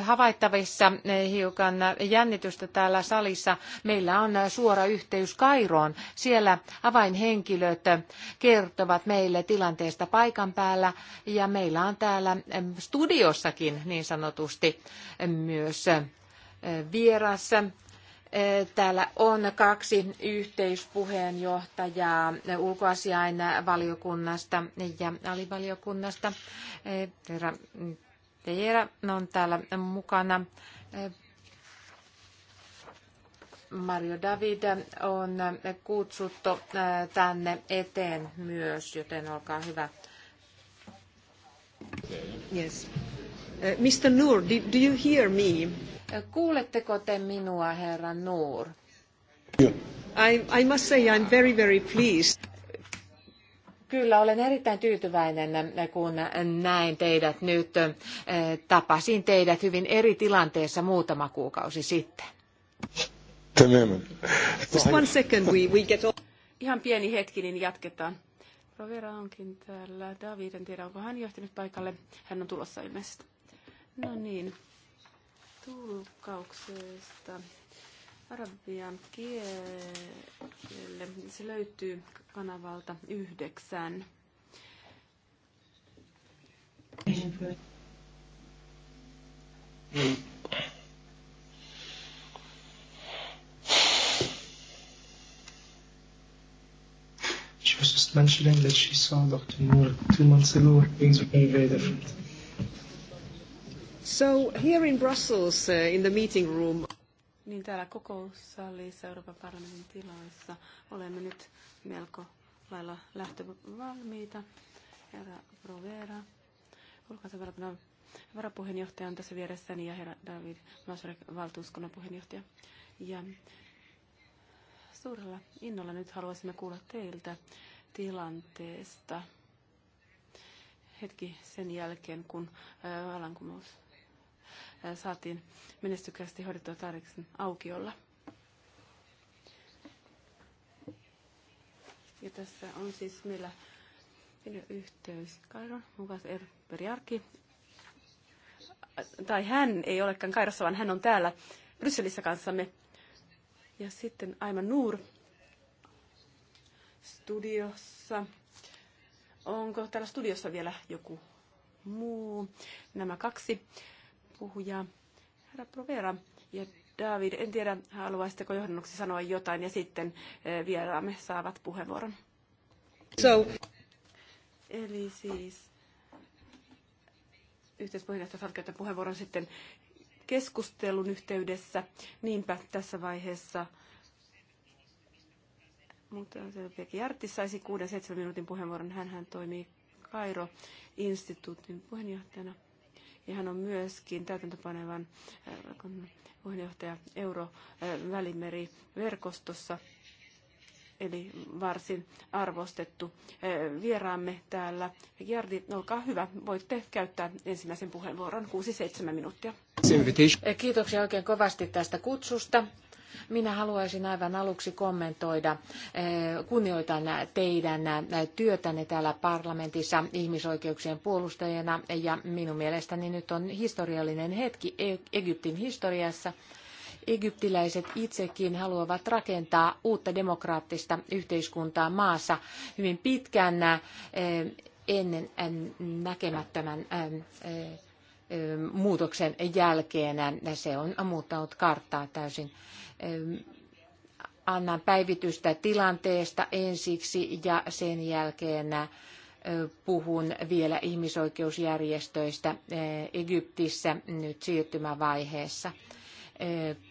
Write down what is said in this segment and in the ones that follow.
havaittavissa hiukan jännitystä täällä salissa. Meillä on suora yhteys Kairoon. Siellä avainhenkilöt kertovat meille tilanteesta paikan päällä ja meillä on täällä studiossakin niin sanotusti myös vieras Täällä on kaksi yhteispuheenjohtajaa ulkoasiain valiokunnasta ja alivaliokunnasta. Herra Tejera on täällä mukana. Mario David on kutsuttu tänne eteen myös, joten olkaa hyvä. Yes. Uh, Mr. Noor, do, do you hear me? Kuuletteko te minua, herra Noor? I, I must say I'm very, very pleased. Kyllä, olen erittäin tyytyväinen, kun näin teidät nyt. Eh, tapasin teidät hyvin eri tilanteessa muutama kuukausi sitten. Just one second, we, we get all... Ihan pieni hetki, niin jatketaan. Rovera onkin täällä. David, en tiedä, onko hän johtanut paikalle. Hän on tulossa ilmeisesti. No niin, tulkauksesta arabian kielelle. Niin se löytyy kanavalta yhdeksän. She was just mentioning that she saw Dr. Moore two months ago things were very, very different. So here in Brussels, uh, in the meeting room, niin täällä kokoussalissa Euroopan parlamentin tiloissa olemme nyt melko lailla lähtövalmiita. Herra Provera, ulkoasianvaliokunnan varapuheenjohtaja on tässä vieressäni ja herra David Masurek, valtuuskunnan puheenjohtaja. Ja suurella innolla nyt haluaisimme kuulla teiltä tilanteesta hetki sen jälkeen, kun vallankumous äh, saatiin menestykästi hoidettua Taariksen aukiolla. Ja tässä on siis meillä yhteys Kairon mukaan Erperiarki. Tai hän ei olekaan Kairossa, vaan hän on täällä Brysselissä kanssamme. Ja sitten aima Nuur studiossa. Onko täällä studiossa vielä joku muu? Nämä kaksi puhujaa, herra Provera ja David. En tiedä, haluaisitteko johdannuksi sanoa jotain ja sitten eh, vieraamme saavat puheenvuoron. So. Eli siis yhteispuheenjohtaja saat käyttää puheenvuoron sitten keskustelun yhteydessä. Niinpä tässä vaiheessa mutta Pekki Jartti saisi 6-7 minuutin puheenvuoron. hän toimii Kairo-instituutin puheenjohtajana ja hän on myöskin täytäntöpanevan äh, puheenjohtaja Euro-välimeriverkostossa, äh, eli varsin arvostettu äh, vieraamme täällä. Jardi, olkaa hyvä, voitte käyttää ensimmäisen puheenvuoron 6-7 minuuttia. Kiitoksia oikein kovasti tästä kutsusta. Minä haluaisin aivan aluksi kommentoida. Eh, kunnioitan teidän eh, työtänne täällä parlamentissa ihmisoikeuksien puolustajana ja minun mielestäni nyt on historiallinen hetki e- Egyptin historiassa. Egyptiläiset itsekin haluavat rakentaa uutta demokraattista yhteiskuntaa maassa hyvin pitkän eh, ennen näkemättömän muutoksen jälkeen. Se on muuttanut karttaa täysin annan päivitystä tilanteesta ensiksi ja sen jälkeen puhun vielä ihmisoikeusjärjestöistä Egyptissä nyt siirtymävaiheessa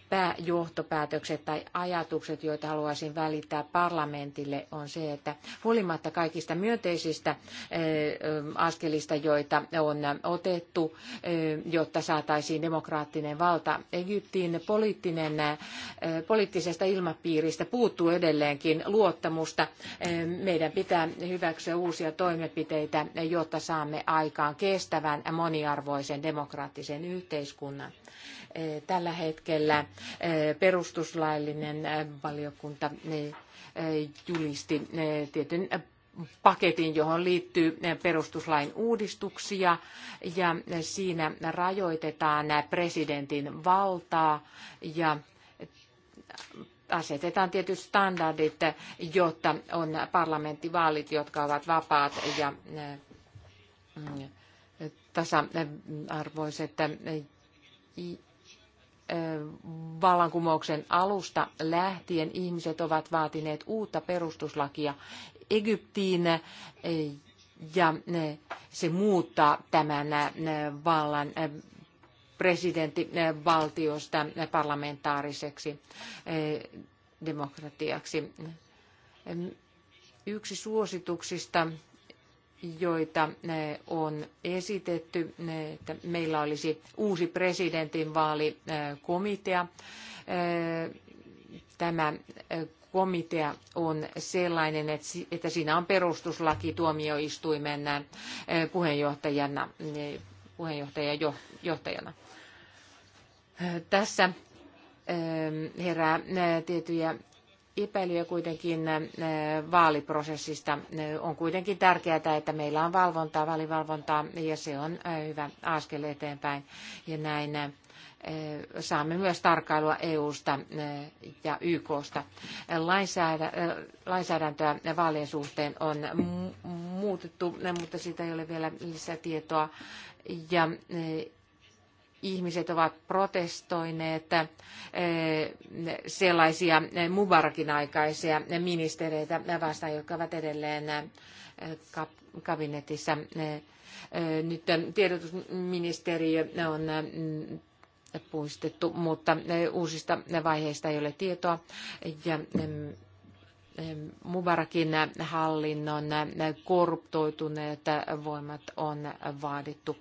pääjohtopäätökset tai ajatukset, joita haluaisin välittää parlamentille, on se, että huolimatta kaikista myönteisistä eh, askelista, joita on otettu, eh, jotta saataisiin demokraattinen valta Egyptiin, poliittinen, eh, poliittisesta ilmapiiristä puuttuu edelleenkin luottamusta. Meidän pitää hyväksyä uusia toimenpiteitä, jotta saamme aikaan kestävän, moniarvoisen, demokraattisen yhteiskunnan. Eh, tällä hetkellä eh, perustuslaillinen eh, valiokunta niin, julisti tietyn paketin, johon liittyy perustuslain uudistuksia ja siinä rajoitetaan presidentin valtaa ja asetetaan tietyt standardit, jotta on parlamenttivaalit, jotka ovat vapaat ja mm, tasa-arvoiset vallankumouksen alusta lähtien ihmiset ovat vaatineet uutta perustuslakia Egyptiin ja se muuttaa tämän vallan valtiosta parlamentaariseksi demokratiaksi. Yksi suosituksista joita eh, on esitetty, eh, että meillä olisi uusi presidentinvaalikomitea. Eh, tämä komitea on sellainen, että siinä on perustuslaki tuomioistuimen puheenjohtajana, puheenjohtaja johtajana. Tässä herää tiettyjä epäilyjä kuitenkin vaaliprosessista. On kuitenkin tärkeää, että meillä on valvontaa, vaalivalvontaa, ja se on hyvä askel eteenpäin. Ja näin saamme myös tarkkailua EU-sta ja YK-sta. Lainsäädäntöä vaalien suhteen on muutettu, mutta siitä ei ole vielä lisätietoa. Ja ihmiset ovat protestoineet eh, sellaisia Mubarakin aikaisia ministereitä vastaan, jotka ovat edelleen eh, kabinetissa. Eh, nyt tiedotusministeriö on mm, puistettu, mutta uusista vaiheista ei ole tietoa. Ja mm, Mubarakin hallinnon korruptoituneet voimat on vaadittu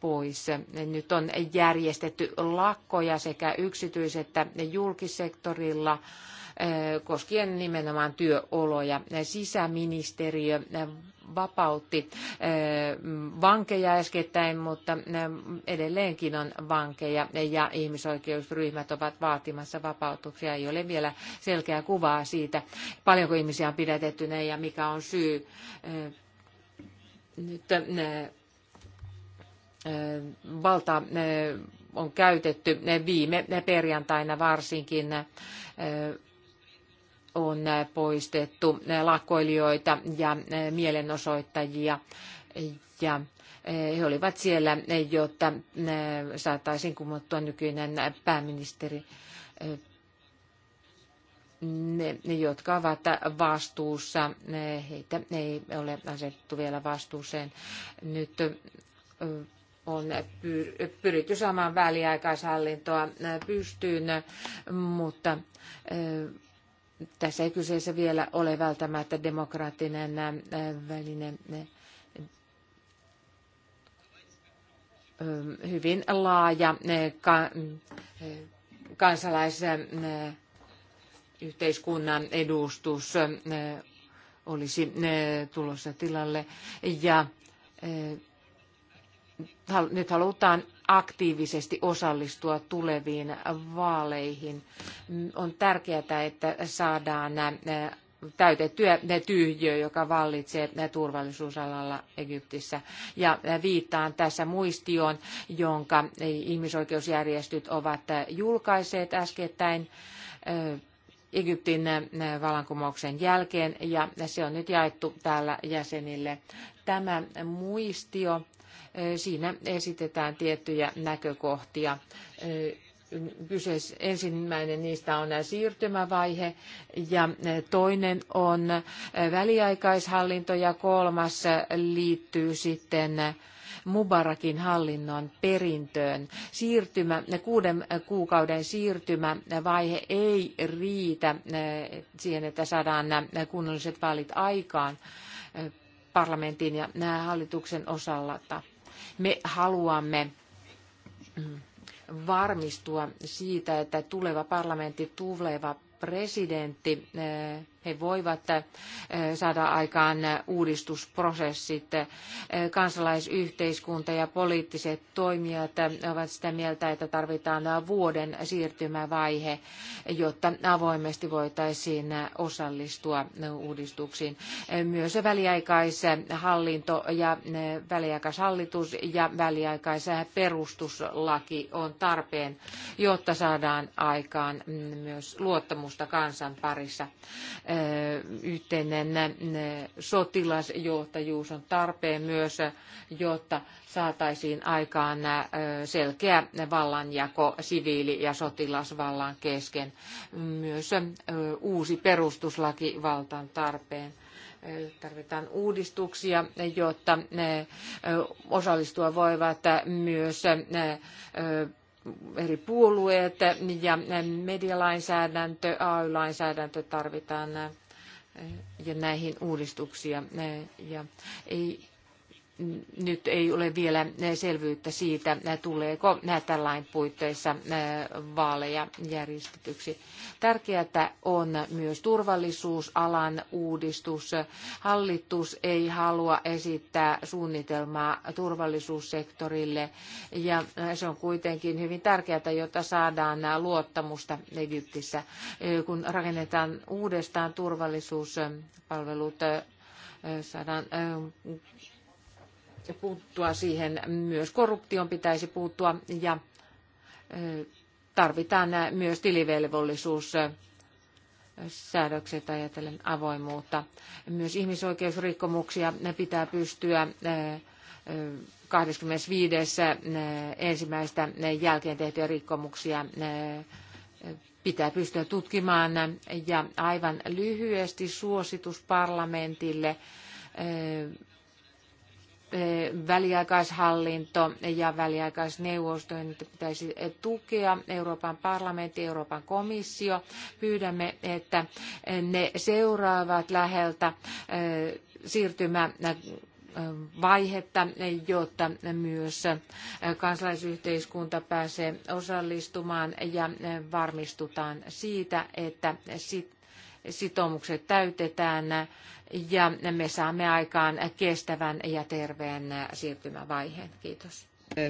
pois. Nyt on järjestetty lakkoja sekä yksityis- että julkisektorilla eh, koskien nimenomaan työoloja. Sisäministeriö vapautti eh, vankeja äskettäin, mutta eh, edelleenkin on vankeja ja ihmisoikeusryhmät ovat vaatimassa vapautuksia. Ei ole vielä selkeää kuvaa siitä, paljonko ihmisiä on pidätettynä ja mikä on syy. Nyt valta on käytetty viime perjantaina varsinkin on poistettu lakkoilijoita ja mielenosoittajia ja he olivat siellä, jotta saataisiin kumottua nykyinen pääministeri. Ne, jotka ovat vastuussa, heitä ei ole asetettu vielä vastuuseen. Nyt on pyritty saamaan väliaikaishallintoa äh, pystyyn, mutta äh, tässä ei kyseessä vielä ole välttämättä demokraattinen äh, väline. Hyvin laaja kansalaisyhteiskunnan edustus olisi tulossa tilalle ja nyt halutaan aktiivisesti osallistua tuleviin vaaleihin. On tärkeää, että saadaan äh, täytettyä tyhjiö, joka vallitsee turvallisuusalalla Egyptissä. Ja äh, viittaan tässä muistioon, jonka ihmisoikeusjärjestöt ovat äh, julkaiseet äskettäin Egyptin vallankumouksen jälkeen, ja se on nyt jaettu täällä jäsenille. Tämä muistio Siinä esitetään tiettyjä näkökohtia. ensimmäinen niistä on siirtymävaihe ja toinen on väliaikaishallinto ja kolmas liittyy sitten Mubarakin hallinnon perintöön. Siirtymä, kuuden kuukauden siirtymävaihe ei riitä siihen, että saadaan nämä kunnolliset vaalit aikaan parlamentin ja hallituksen osalta. Me haluamme mm, varmistua siitä, että tuleva parlamentti, tuleva presidentti he voivat eh, saada aikaan eh, uudistusprosessit. Eh, kansalaisyhteiskunta ja poliittiset toimijat ovat sitä mieltä, että tarvitaan vuoden siirtymävaihe, jotta avoimesti voitaisiin osallistua uudistuksiin. Myös väliaikaishallinto ja väliaikaishallitus ja väliaikaisperustuslaki on tarpeen, jotta saadaan aikaan mm, myös luottamusta kansan parissa yhteinen sotilasjohtajuus on tarpeen myös, jotta saataisiin aikaan selkeä vallanjako siviili- ja sotilasvallan kesken. Myös uusi perustuslaki on tarpeen tarvitaan uudistuksia, jotta osallistua voivat myös eri puolueet ja medialainsäädäntö, AY-lainsäädäntö tarvitaan eh, ja näihin uudistuksia. Eh, ja ei nyt ei ole vielä selvyyttä siitä, tuleeko tällain puitteissa vaaleja järjestetyksi. Tärkeätä on myös turvallisuusalan uudistus. Hallitus ei halua esittää suunnitelmaa turvallisuussektorille ja se on kuitenkin hyvin tärkeää, jotta saadaan luottamusta Egyptissä, kun rakennetaan uudestaan turvallisuuspalvelut saadaan puuttua siihen, myös korruption pitäisi puuttua ja tarvitaan myös tilivelvollisuus säädökset ajatellen avoimuutta. Myös ihmisoikeusrikkomuksia pitää pystyä 25. ensimmäistä jälkeen tehtyjä rikkomuksia pitää pystyä tutkimaan. Ja aivan lyhyesti suositus parlamentille Eh, väliaikaishallinto ja väliaikaisneuvosto, niin niitä pitäisi eh, tukea. Euroopan parlamentti, Euroopan komissio. Pyydämme, että eh, ne seuraavat läheltä siirtymä vaihetta, jotta myös kansalaisyhteiskunta pääsee osallistumaan ja varmistutaan siitä, että sitoumukset täytetään ja me saamme aikaan kestävän ja terveen siirtymävaiheen. Kiitos.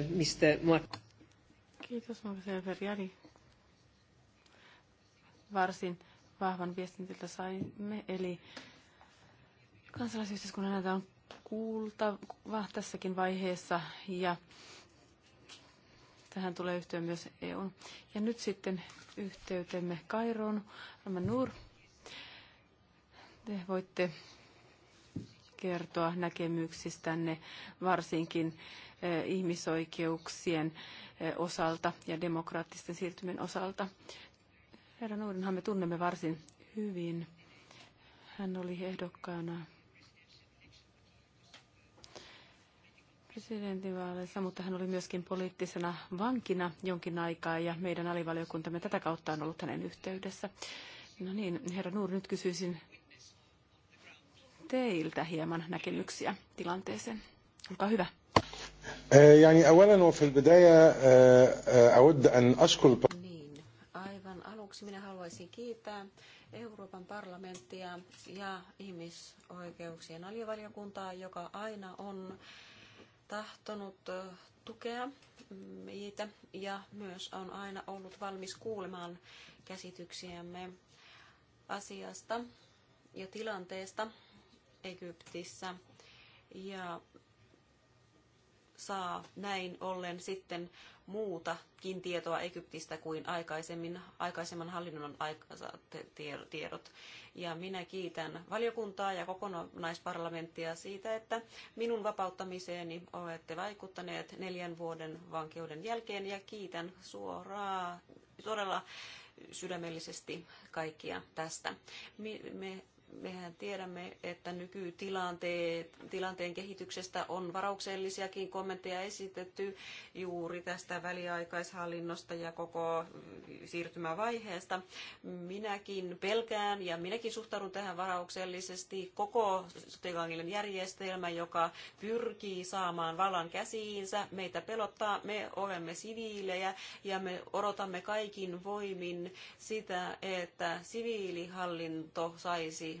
Mistä Kiitos, Marcel Varsin vahvan viestintiltä saimme, eli kansalaisyhteiskunnan näitä on kuultava tässäkin vaiheessa ja tähän tulee yhtyä myös EU. Ja nyt sitten yhteytemme Kairoon. Rama Nur te voitte kertoa näkemyksistänne varsinkin eh, ihmisoikeuksien eh, osalta ja demokraattisten siirtymien osalta. Herra Nuudenhan me tunnemme varsin hyvin. Hän oli ehdokkaana presidentinvaaleissa, mutta hän oli myöskin poliittisena vankina jonkin aikaa ja meidän alivaliokuntamme tätä kautta on ollut hänen yhteydessä. No niin, herra Nuur, nyt kysyisin teiltä hieman näkemyksiä tilanteeseen. Olkaa hyvä. يعني أولا وفي البداية أود أن أشكر niin, aivan aluksi minä haluaisin kiittää Euroopan parlamenttia ja ihmisoikeuksien alivaliokuntaa, joka aina on tahtonut eh, tukea meitä ja myös on aina ollut valmis kuulemaan käsityksiämme asiasta ja tilanteesta Egyptissä ja saa näin ollen sitten muutakin tietoa Egyptistä kuin aikaisemmin, aikaisemman hallinnon tiedot. Ja minä kiitän valiokuntaa ja kokonaisparlamenttia siitä, että minun vapauttamiseeni olette vaikuttaneet neljän vuoden vankeuden jälkeen ja kiitän suoraan, todella sydämellisesti kaikkia tästä. Me, me mehän tiedämme, että nykytilanteen kehityksestä on varauksellisiakin kommentteja esitetty juuri tästä väliaikaishallinnosta ja koko siirtymävaiheesta. Minäkin pelkään ja minäkin suhtaudun tähän varauksellisesti koko sotilaallinen järjestelmä, joka pyrkii saamaan vallan käsiinsä. Meitä pelottaa, me olemme siviilejä ja me odotamme kaikin voimin sitä, että siviilihallinto saisi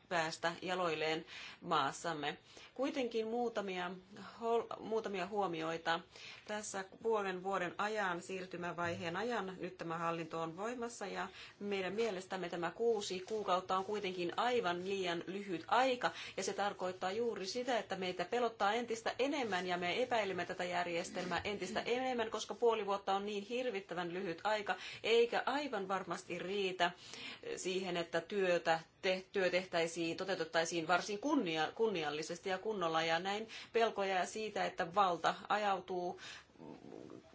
päästä jaloilleen maassamme. Kuitenkin muutamia, muutamia huomioita. Tässä puolen vuoden ajan, siirtymävaiheen ajan, nyt tämä hallinto on voimassa ja meidän mielestämme tämä kuusi kuukautta on kuitenkin aivan liian lyhyt aika ja se tarkoittaa juuri sitä, että meitä pelottaa entistä enemmän ja me epäilemme tätä järjestelmää entistä enemmän, koska puoli vuotta on niin hirvittävän lyhyt aika eikä aivan varmasti riitä siihen, että työtä, te, työ tehtäisiin pitäisi, toteutettaisiin varsin kunnia, kunniallisesti ja kunnolla ja näin pelkoja siitä, että valta ajautuu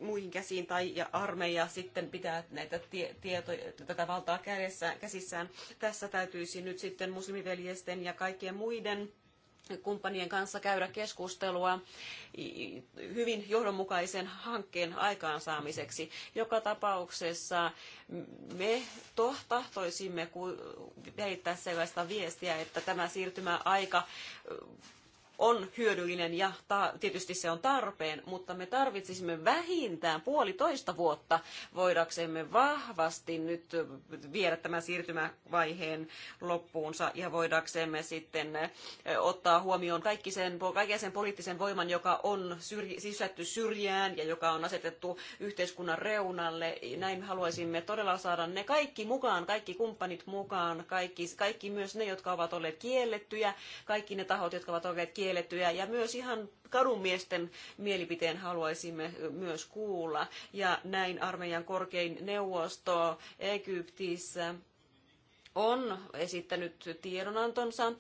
muihin käsiin tai ja armeija sitten pitää näitä tie, tietoja, tätä valtaa kädessä, käsissään. Tässä täytyisi nyt sitten muslimiveljesten ja kaikkien muiden kumppanien kanssa käydä keskustelua hyvin johdonmukaisen hankkeen aikaansaamiseksi. Joka tapauksessa me tahtoisimme heittää sellaista viestiä, että tämä siirtymäaika on hyödyllinen ja tietysti se on tarpeen, mutta me tarvitsisimme vähintään puolitoista vuotta voidaksemme vahvasti nyt viedä tämän siirtymävaiheen loppuunsa ja voidaksemme sitten ottaa huomioon kaikki sen, kaiken sen poliittisen voiman, joka on syrj, sysätty syrjään ja joka on asetettu yhteiskunnan reunalle. Näin haluaisimme todella saada ne kaikki mukaan, kaikki kumppanit mukaan, kaikki, kaikki myös ne, jotka ovat olleet kiellettyjä, kaikki ne tahot, jotka ovat olleet kiellettyjä kiellettyjä ja myös ihan kadunmiesten mielipiteen haluaisimme myös kuulla. Ja näin armeijan korkein neuvosto Egyptissä on esittänyt tiedonantonsa,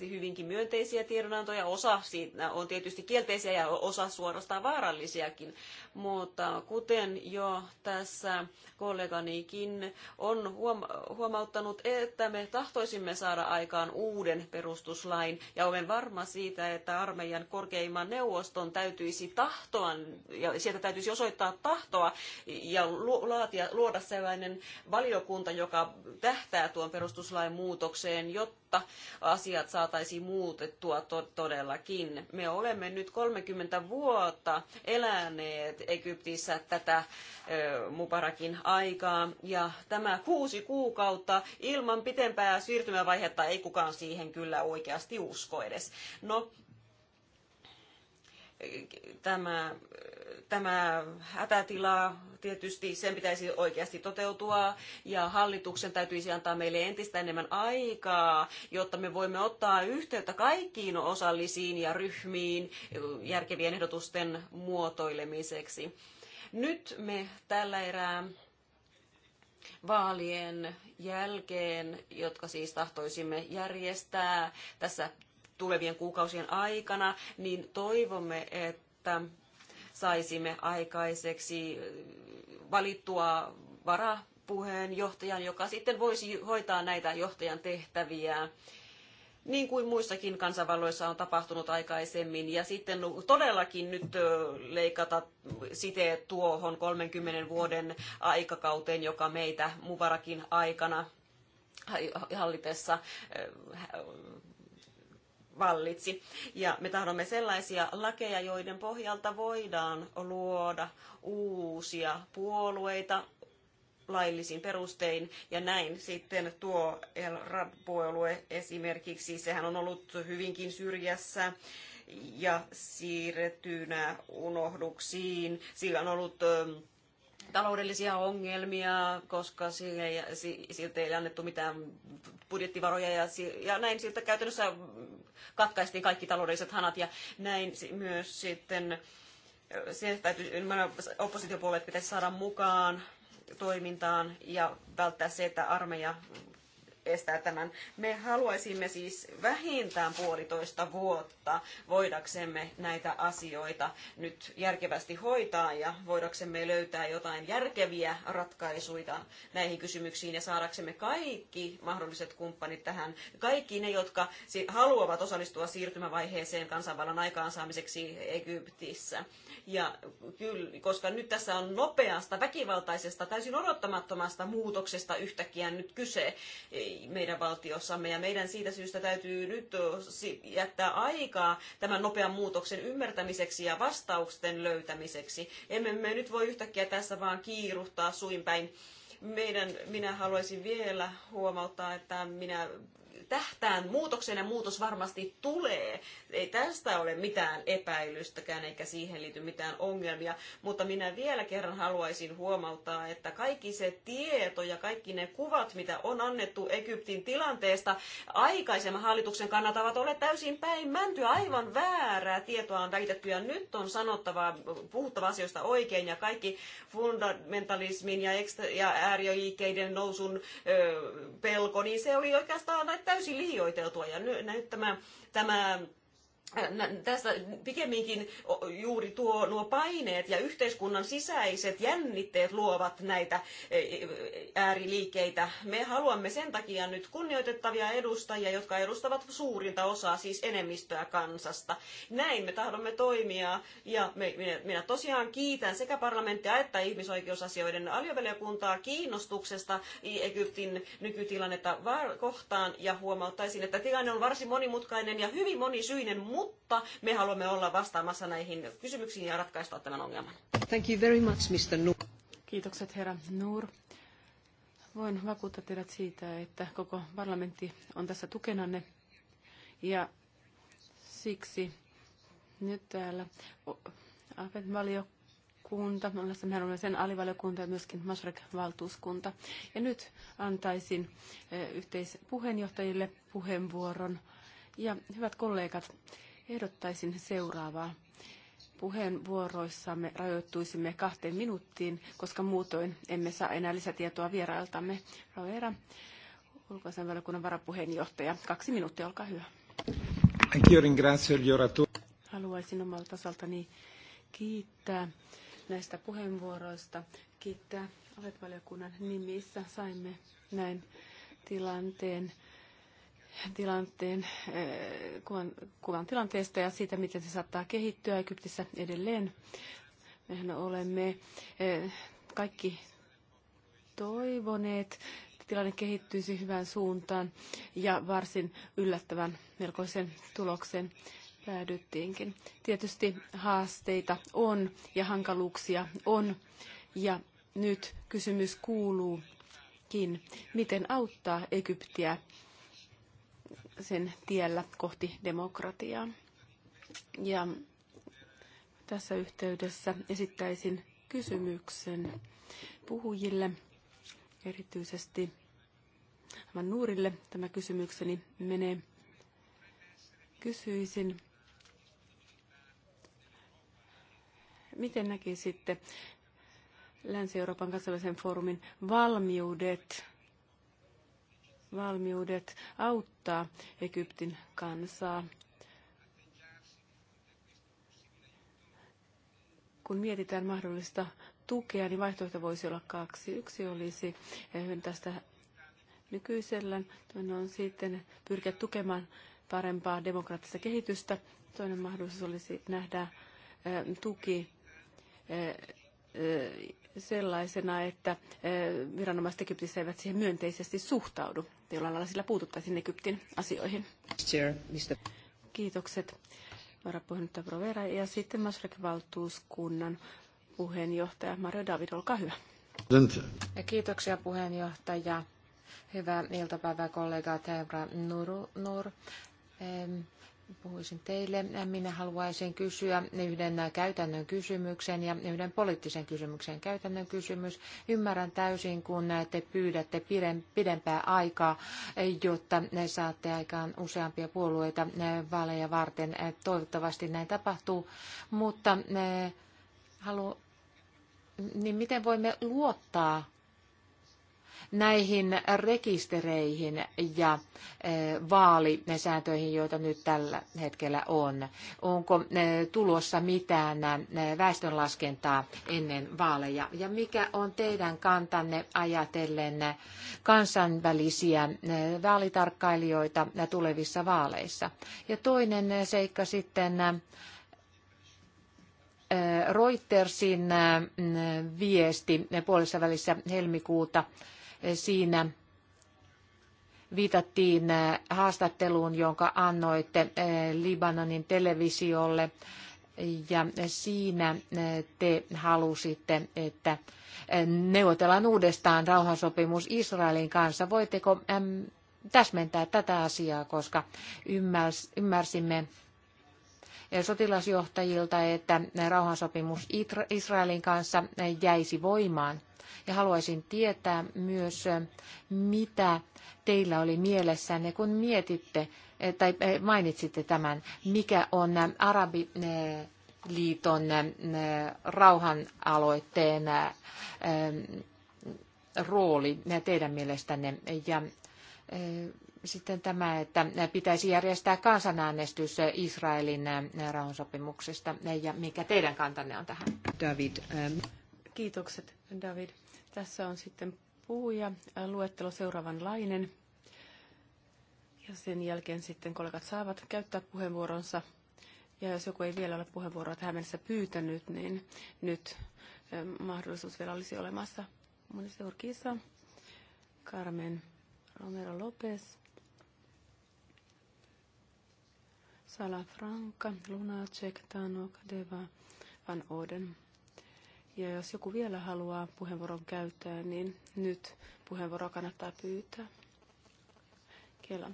hyvinkin myönteisiä tiedonantoja, osa siitä on tietysti kielteisiä ja osa suorastaan vaarallisiakin, mutta kuten jo tässä kolleganikin on huomauttanut, että me tahtoisimme saada aikaan uuden perustuslain ja olen varma siitä, että armeijan korkeimman neuvoston täytyisi tahtoa ja sieltä täytyisi osoittaa tahtoa ja luoda sellainen valiokunta, joka tähtää tuon perustuslain muutokseen, jotta asiat saataisiin muutettua to- todellakin. Me olemme nyt 30 vuotta eläneet Egyptissä tätä ö, Mubarakin aikaa ja tämä kuusi kuukautta ilman pitempää siirtymävaihetta ei kukaan siihen kyllä oikeasti usko edes. No, tämä, tämä hätätila tietysti sen pitäisi oikeasti toteutua ja hallituksen täytyisi antaa meille entistä enemmän aikaa, jotta me voimme ottaa yhteyttä kaikkiin osallisiin ja ryhmiin järkevien ehdotusten muotoilemiseksi. Nyt me tällä erää vaalien jälkeen, jotka siis tahtoisimme järjestää tässä tulevien kuukausien aikana, niin toivomme, että saisimme aikaiseksi äh, valittua varapuheenjohtajan, joka sitten voisi hoitaa näitä johtajan tehtäviä niin kuin muissakin kansanvalloissa on tapahtunut aikaisemmin. Ja sitten todellakin nyt äh, leikata siteet tuohon 30 vuoden aikakauteen, joka meitä Mubarakin aikana hallitessa äh, vallitsi. Ja me tahdomme sellaisia lakeja, joiden pohjalta voidaan luoda uusia puolueita laillisin perustein. Ja näin sitten tuo El Rad-puolue esimerkiksi, sehän on ollut hyvinkin syrjässä ja siirrettynä unohduksiin. Sillä on ollut taloudellisia ongelmia, koska sille ei, siltä ei annettu mitään budjettivaroja ja, ja näin siltä käytännössä katkaistiin kaikki taloudelliset hanat ja näin myös sitten se täytyy, oppositiopuolet pitäisi saada mukaan toimintaan ja välttää se, että armeija estää tämän. Me haluaisimme siis vähintään puolitoista vuotta voidaksemme näitä asioita nyt järkevästi hoitaa ja voidaksemme löytää jotain järkeviä ratkaisuja näihin kysymyksiin ja saadaksemme kaikki mahdolliset kumppanit tähän. Kaikki ne, jotka haluavat osallistua siirtymävaiheeseen kansanvallan aikaansaamiseksi Egyptissä. Ja kyllä, koska nyt tässä on nopeasta, väkivaltaisesta, täysin odottamattomasta muutoksesta yhtäkkiä nyt kyse, meidän valtiossamme ja meidän siitä syystä täytyy nyt jättää aikaa tämän nopean muutoksen ymmärtämiseksi ja vastausten löytämiseksi. Emme me nyt voi yhtäkkiä tässä vaan kiiruhtaa suin päin meidän, minä haluaisin vielä huomauttaa, että minä tähtään muutokseen ja muutos varmasti tulee. Ei tästä ole mitään epäilystäkään eikä siihen liity mitään ongelmia, mutta minä vielä kerran haluaisin huomauttaa, että kaikki se tieto ja kaikki ne kuvat, mitä on annettu Egyptin tilanteesta aikaisemman hallituksen kannalta ovat olleet täysin päin mäntyä, aivan väärää tietoa on väitetty ja nyt on sanottava, puhuttava asioista oikein ja kaikki fundamentalismin ja, ja ääriöliikkeiden nousun pelko, niin se oli oikeastaan täysin liioiteltua. Ja nyt tämä, tämä Äh, tässä pikemminkin juuri tuo, nuo paineet ja yhteiskunnan sisäiset jännitteet luovat näitä e, e, ääriliikkeitä. Me haluamme sen takia nyt kunnioitettavia edustajia, jotka edustavat suurinta osaa, siis enemmistöä kansasta. Näin me tahdomme toimia ja me, minä, minä tosiaan kiitän sekä parlamenttia että ihmisoikeusasioiden aliovaliokuntaa kiinnostuksesta e, Egyptin nykytilannetta kohtaan ja huomauttaisin, että tilanne on varsin monimutkainen ja hyvin monisyinen, mutta mutta me haluamme olla vastaamassa näihin kysymyksiin ja ratkaista tämän ongelman. Thank you very much, Mr. Nur. Kiitokset, herra Nur. Voin vakuuttaa teidät siitä, että koko parlamentti on tässä tukenanne ja siksi nyt täällä AFET-valiokunta, me olemme sen alivaliokunta ja myöskin Masrek-valtuuskunta. Ja nyt antaisin eh, yhteispuheenjohtajille puheenvuoron. Ja hyvät kollegat, Ehdottaisin seuraavaa. Puheenvuoroissamme rajoittuisimme kahteen minuuttiin, koska muutoin emme saa enää lisätietoa vierailtamme. Rovera, ulkoasianvaliokunnan varapuheenjohtaja. Kaksi minuuttia, olkaa hyvä. Haluaisin omalta osaltani kiittää näistä puheenvuoroista. Kiittää avetvaliokunnan nimissä. Saimme näin tilanteen tilanteen, eh, kuvan, kuvan tilanteesta ja siitä, miten se saattaa kehittyä Egyptissä edelleen. Mehän olemme eh, kaikki toivoneet, että tilanne kehittyisi hyvään suuntaan ja varsin yllättävän melkoisen tuloksen päädyttiinkin. Tietysti haasteita on ja hankaluuksia on ja nyt kysymys kuuluukin, miten auttaa Egyptiä sen tiellä kohti demokratiaa. Ja tässä yhteydessä esittäisin kysymyksen puhujille, erityisesti aivan nuurille tämä kysymykseni menee. Kysyisin, miten näkisitte Länsi-Euroopan kansainvälisen foorumin valmiudet valmiudet auttaa Egyptin kansaa. Kun mietitään mahdollista tukea, niin vaihtoehto voisi olla kaksi. Yksi olisi eh, tästä nykyisellä, toinen on sitten pyrkiä tukemaan parempaa demokraattista kehitystä. Toinen mahdollisuus olisi nähdä eh, tuki eh, sellaisena, että viranomaiset Egyptissä eivät siihen myönteisesti suhtaudu että jollain lailla sillä puututtaisiin Egyptin asioihin. Kiitokset varapuheenjohtaja Provera ja sitten Masrek-valtuuskunnan puheenjohtaja Mario David, olkaa hyvä. Kiitoksia puheenjohtaja. Hyvää iltapäivää kollega Tebra Nur. Nur puhuisin teille. Minä haluaisin kysyä yhden käytännön kysymyksen ja yhden poliittisen kysymyksen. Käytännön kysymys. Ymmärrän täysin, kun te pyydätte pidempää aikaa, jotta saatte aikaan useampia puolueita vaaleja varten. Toivottavasti näin tapahtuu, mutta eh, halu, niin miten voimme luottaa näihin rekistereihin ja eh, vaalisääntöihin, joita nyt tällä hetkellä on. Onko eh, tulossa mitään eh, väestönlaskentaa ennen vaaleja? Ja mikä on teidän kantanne ajatellen kansainvälisiä vaalitarkkailijoita tulevissa vaaleissa? Ja toinen seikka sitten Reutersin viesti puolessa välissä helmikuuta Siinä viitattiin äh, haastatteluun, jonka annoitte äh, Libanonin televisiolle. Ja siinä äh, te halusitte, että neuvotellaan uudestaan rauhansopimus Israelin kanssa. Voitteko täsmentää tätä asiaa, koska ymmärsimme sotilasjohtajilta, että rauhansopimus Israelin kanssa jäisi voimaan ja haluaisin tietää myös, mitä teillä oli mielessänne, kun mietitte eh, tai eh, mainitsitte tämän, mikä on eh, Arabiliiton rauhanaloitteen rooli teidän mielestänne ja sitten tämä, että pitäisi järjestää kansanäänestys Israelin rauhansopimuksesta ja mikä teidän kantanne on tähän? David. Kiitokset, David. Tässä on sitten puhuja, luettelo seuraavanlainen. Ja sen jälkeen sitten kollegat saavat käyttää puheenvuoronsa. Ja jos joku ei vielä ole puheenvuoroa tähän mennessä pyytänyt, niin nyt mahdollisuus vielä olisi olemassa. Monissa Urquiza, Carmen Romero Lopez, Salafranca, Lunacek, Tanok, Deva, Van Oden. Ja jos joku vielä haluaa puheenvuoron käyttää, niin nyt puheenvuoroa kannattaa pyytää. Kela.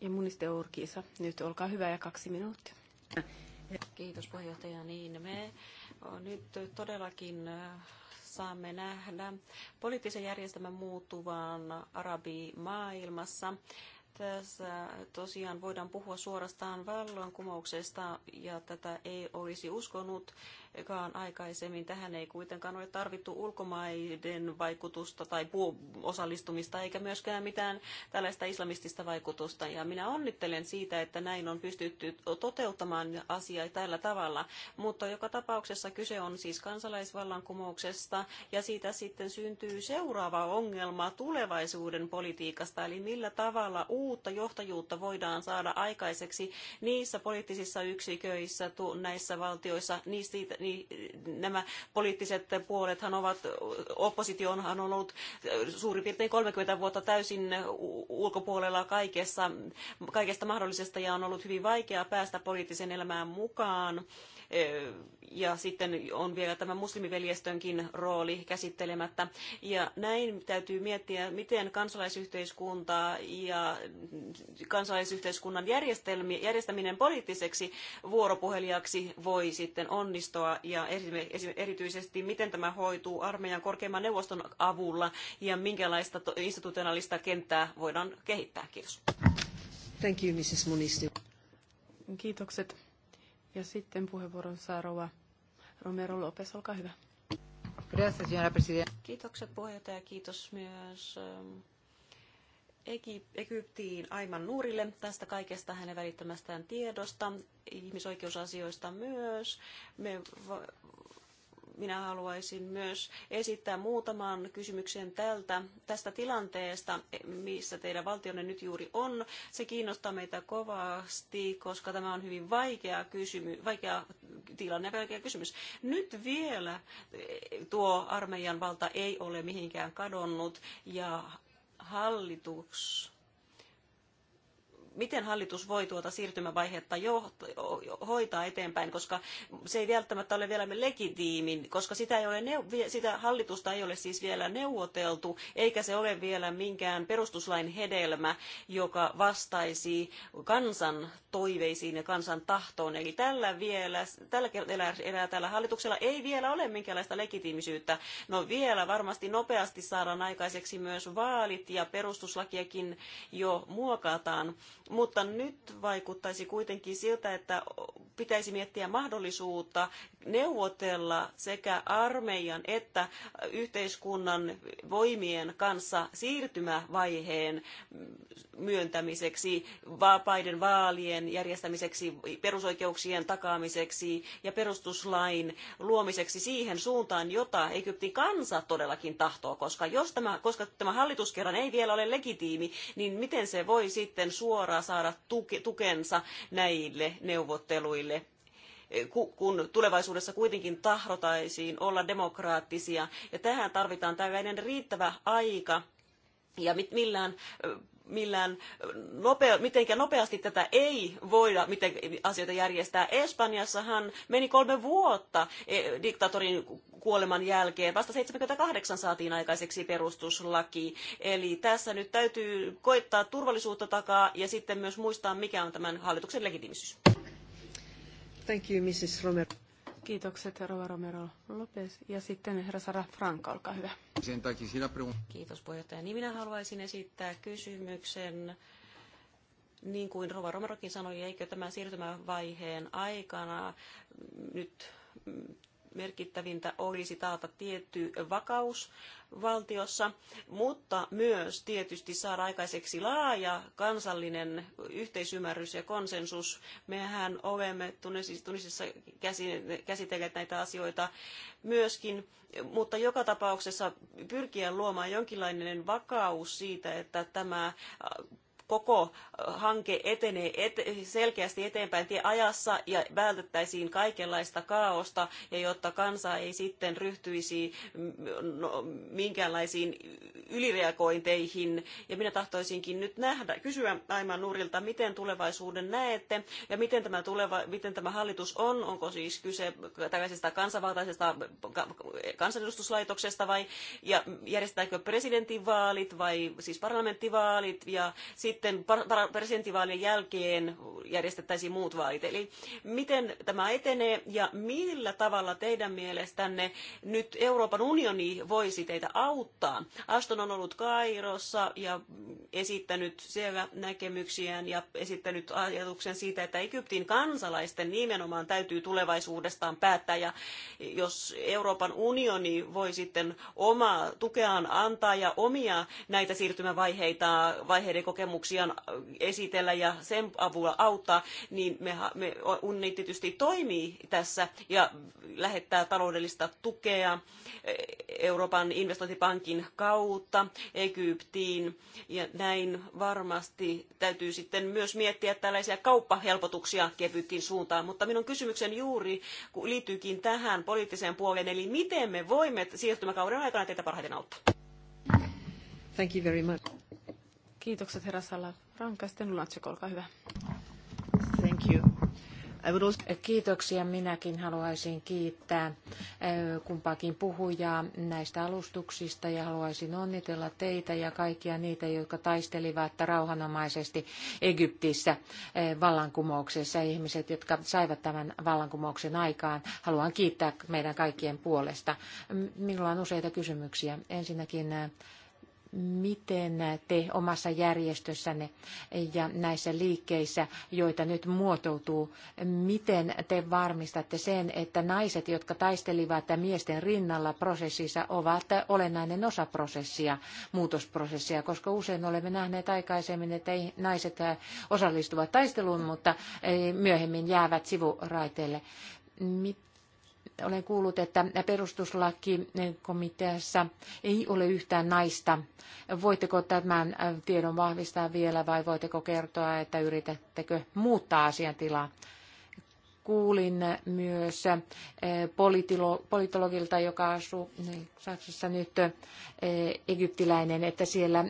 Ja muniste Urkiisa, nyt olkaa hyvä ja kaksi minuuttia. Kiitos puheenjohtaja. Niin me nyt todellakin äh, saamme nähdä poliittisen järjestelmän muuttuvan arabimaailmassa. maailmassa tässä tosiaan voidaan puhua suorastaan vallankumouksesta ja tätä ei olisi uskonut aikaisemmin. Tähän ei kuitenkaan ole tarvittu ulkomaiden vaikutusta tai osallistumista eikä myöskään mitään tällaista islamistista vaikutusta. Ja minä onnittelen siitä, että näin on pystytty toteuttamaan asiaa tällä tavalla. Mutta joka tapauksessa kyse on siis kansalaisvallankumouksesta ja siitä sitten syntyy seuraava ongelma tulevaisuuden politiikasta, eli millä tavalla uutta johtajuutta voidaan saada aikaiseksi niissä poliittisissa yksiköissä, näissä valtioissa, niistä, niin nämä poliittiset puolethan ovat, oppositionhan on ollut suurin piirtein 30 vuotta täysin ulkopuolella kaikessa, kaikesta mahdollisesta ja on ollut hyvin vaikea päästä poliittiseen elämään mukaan ja sitten on vielä tämä muslimiveljestönkin rooli käsittelemättä. Ja näin täytyy miettiä, miten kansalaisyhteiskuntaa ja kansalaisyhteiskunnan järjestäminen poliittiseksi vuoropuhelijaksi voi sitten onnistua ja erityisesti miten tämä hoituu armeijan korkeimman neuvoston avulla ja minkälaista institutionaalista kenttää voidaan kehittää. Kiitos. Thank you, Mrs. Munisti. Kiitokset. Ja sitten puheenvuoron saa Rova Romero Lopes, olkaa hyvä. Kiitokset puheenjohtaja, kiitos myös ähm, Egyptiin Aiman Nuurille tästä kaikesta hänen välittämästään tiedosta, ihmisoikeusasioista myös. Me minä haluaisin myös esittää muutaman kysymyksen tältä, tästä tilanteesta, missä teidän valtionne nyt juuri on. Se kiinnostaa meitä kovasti, koska tämä on hyvin vaikea, kysymys, vaikea tilanne ja vaikea kysymys. Nyt vielä eh, tuo armeijan valta ei ole mihinkään kadonnut ja hallitus miten hallitus voi tuota siirtymävaihetta hoitaa eteenpäin, koska se ei välttämättä ole vielä legitiimin, koska sitä, ei ole sitä hallitusta ei ole siis vielä neuvoteltu, eikä se ole vielä minkään perustuslain hedelmä, joka vastaisi kansan toiveisiin ja kansan tahtoon. Eli tällä vielä, tällä erää tällä hallituksella ei vielä ole minkäänlaista legitiimisyyttä. No vielä varmasti nopeasti saadaan aikaiseksi myös vaalit ja perustuslakiakin jo muokataan mutta nyt vaikuttaisi kuitenkin siltä, että pitäisi miettiä mahdollisuutta neuvotella sekä armeijan että yhteiskunnan voimien kanssa siirtymävaiheen myöntämiseksi, vapaiden vaalien järjestämiseksi, perusoikeuksien takaamiseksi ja perustuslain luomiseksi siihen suuntaan, jota Egyptin kansa todellakin tahtoo, koska jos tämä, koska tämä hallitus kerran ei vielä ole legitiimi, niin miten se voi sitten suoraan saada tukensa näille neuvotteluille? kun tulevaisuudessa kuitenkin tahrotaisiin olla demokraattisia. Ja tähän tarvitaan tällainen riittävä aika ja millään millään nopea, mitenkään nopeasti tätä ei voida miten asioita järjestää. Espanjassahan meni kolme vuotta e, diktatorin kuoleman jälkeen. Vasta 78 saatiin aikaiseksi perustuslaki. Eli tässä nyt täytyy koittaa turvallisuutta takaa ja sitten myös muistaa, mikä on tämän hallituksen legitimisyys. Thank you, Mrs. Romero. Kiitokset, Rova Romero Lopez. Ja sitten herra Sara Frank, olkaa hyvä. Kiitos puheenjohtaja. Niin minä haluaisin esittää kysymyksen niin kuin Rova Romerokin sanoi, eikö tämän siirtymävaiheen aikana nyt merkittävintä olisi taata tietty vakaus valtiossa, mutta myös tietysti saada aikaiseksi laaja kansallinen yhteisymmärrys ja konsensus. Mehän olemme Tunisissa käsitelleet näitä asioita myöskin, mutta joka tapauksessa pyrkiä luomaan jonkinlainen vakaus siitä, että tämä koko hanke etenee et, selkeästi eteenpäin ajassa ja vältettäisiin kaikenlaista kaaosta ja jotta kansa ei sitten ryhtyisi mm, no, minkäänlaisiin ylireagointeihin. Ja minä tahtoisinkin nyt nähdä, kysyä Aiman Nurilta, miten tulevaisuuden näette ja miten tämä, tuleva, miten tämä hallitus on, onko siis kyse tällaisesta kansanvaltaisesta kansanedustuslaitoksesta vai ja järjestetäänkö presidentinvaalit vai siis parlamenttivaalit ja sitten sitten presidentinvaalien jälkeen järjestettäisiin muut vaalit. Eli miten tämä etenee ja millä tavalla teidän mielestänne nyt Euroopan unioni voisi teitä auttaa? Aston on ollut Kairossa ja esittänyt siellä näkemyksiään ja esittänyt ajatuksen siitä, että Egyptin kansalaisten nimenomaan täytyy tulevaisuudestaan päättää. Ja jos Euroopan unioni voi sitten omaa tukeaan antaa ja omia näitä siirtymävaiheita, vaiheiden kokemuksia, mahdollisuuksiaan esitellä ja sen avulla auttaa, niin me, me Unni tietysti toimii tässä ja lähettää taloudellista tukea e, Euroopan investointipankin kautta Egyptiin. Ja näin varmasti täytyy sitten myös miettiä tällaisia kauppahelpotuksia kevytkin suuntaan. Mutta minun kysymykseni juuri liittyykin tähän poliittiseen puoleen, eli miten me voimme siirtymäkauden aikana teitä parhaiten auttaa? Thank you very much. Kiitokset herra Sala. Ranka, sitten olkaa hyvä. Thank you. Kiitoksia. Minäkin haluaisin kiittää kumpaakin puhujaa näistä alustuksista ja haluaisin onnitella teitä ja kaikkia niitä, jotka taistelivat rauhanomaisesti Egyptissä vallankumouksessa. Ihmiset, jotka saivat tämän vallankumouksen aikaan, haluan kiittää meidän kaikkien puolesta. Minulla on useita kysymyksiä. Ensinnäkin miten te omassa järjestössänne ja näissä liikkeissä, joita nyt muotoutuu, miten te varmistatte sen, että naiset, jotka taistelivat miesten rinnalla prosessissa, ovat olennainen osa prosessia, muutosprosessia, koska usein olemme nähneet aikaisemmin, että naiset osallistuvat taisteluun, mutta myöhemmin jäävät sivuraiteille olen kuullut, että perustuslakikomiteassa ei ole yhtään naista. Voitteko tämän tiedon vahvistaa vielä vai voitteko kertoa, että yritättekö muuttaa asiantilaa? Kuulin myös eh, politologilta, joka asuu niin Saksassa nyt eh, egyptiläinen, että siellä eh,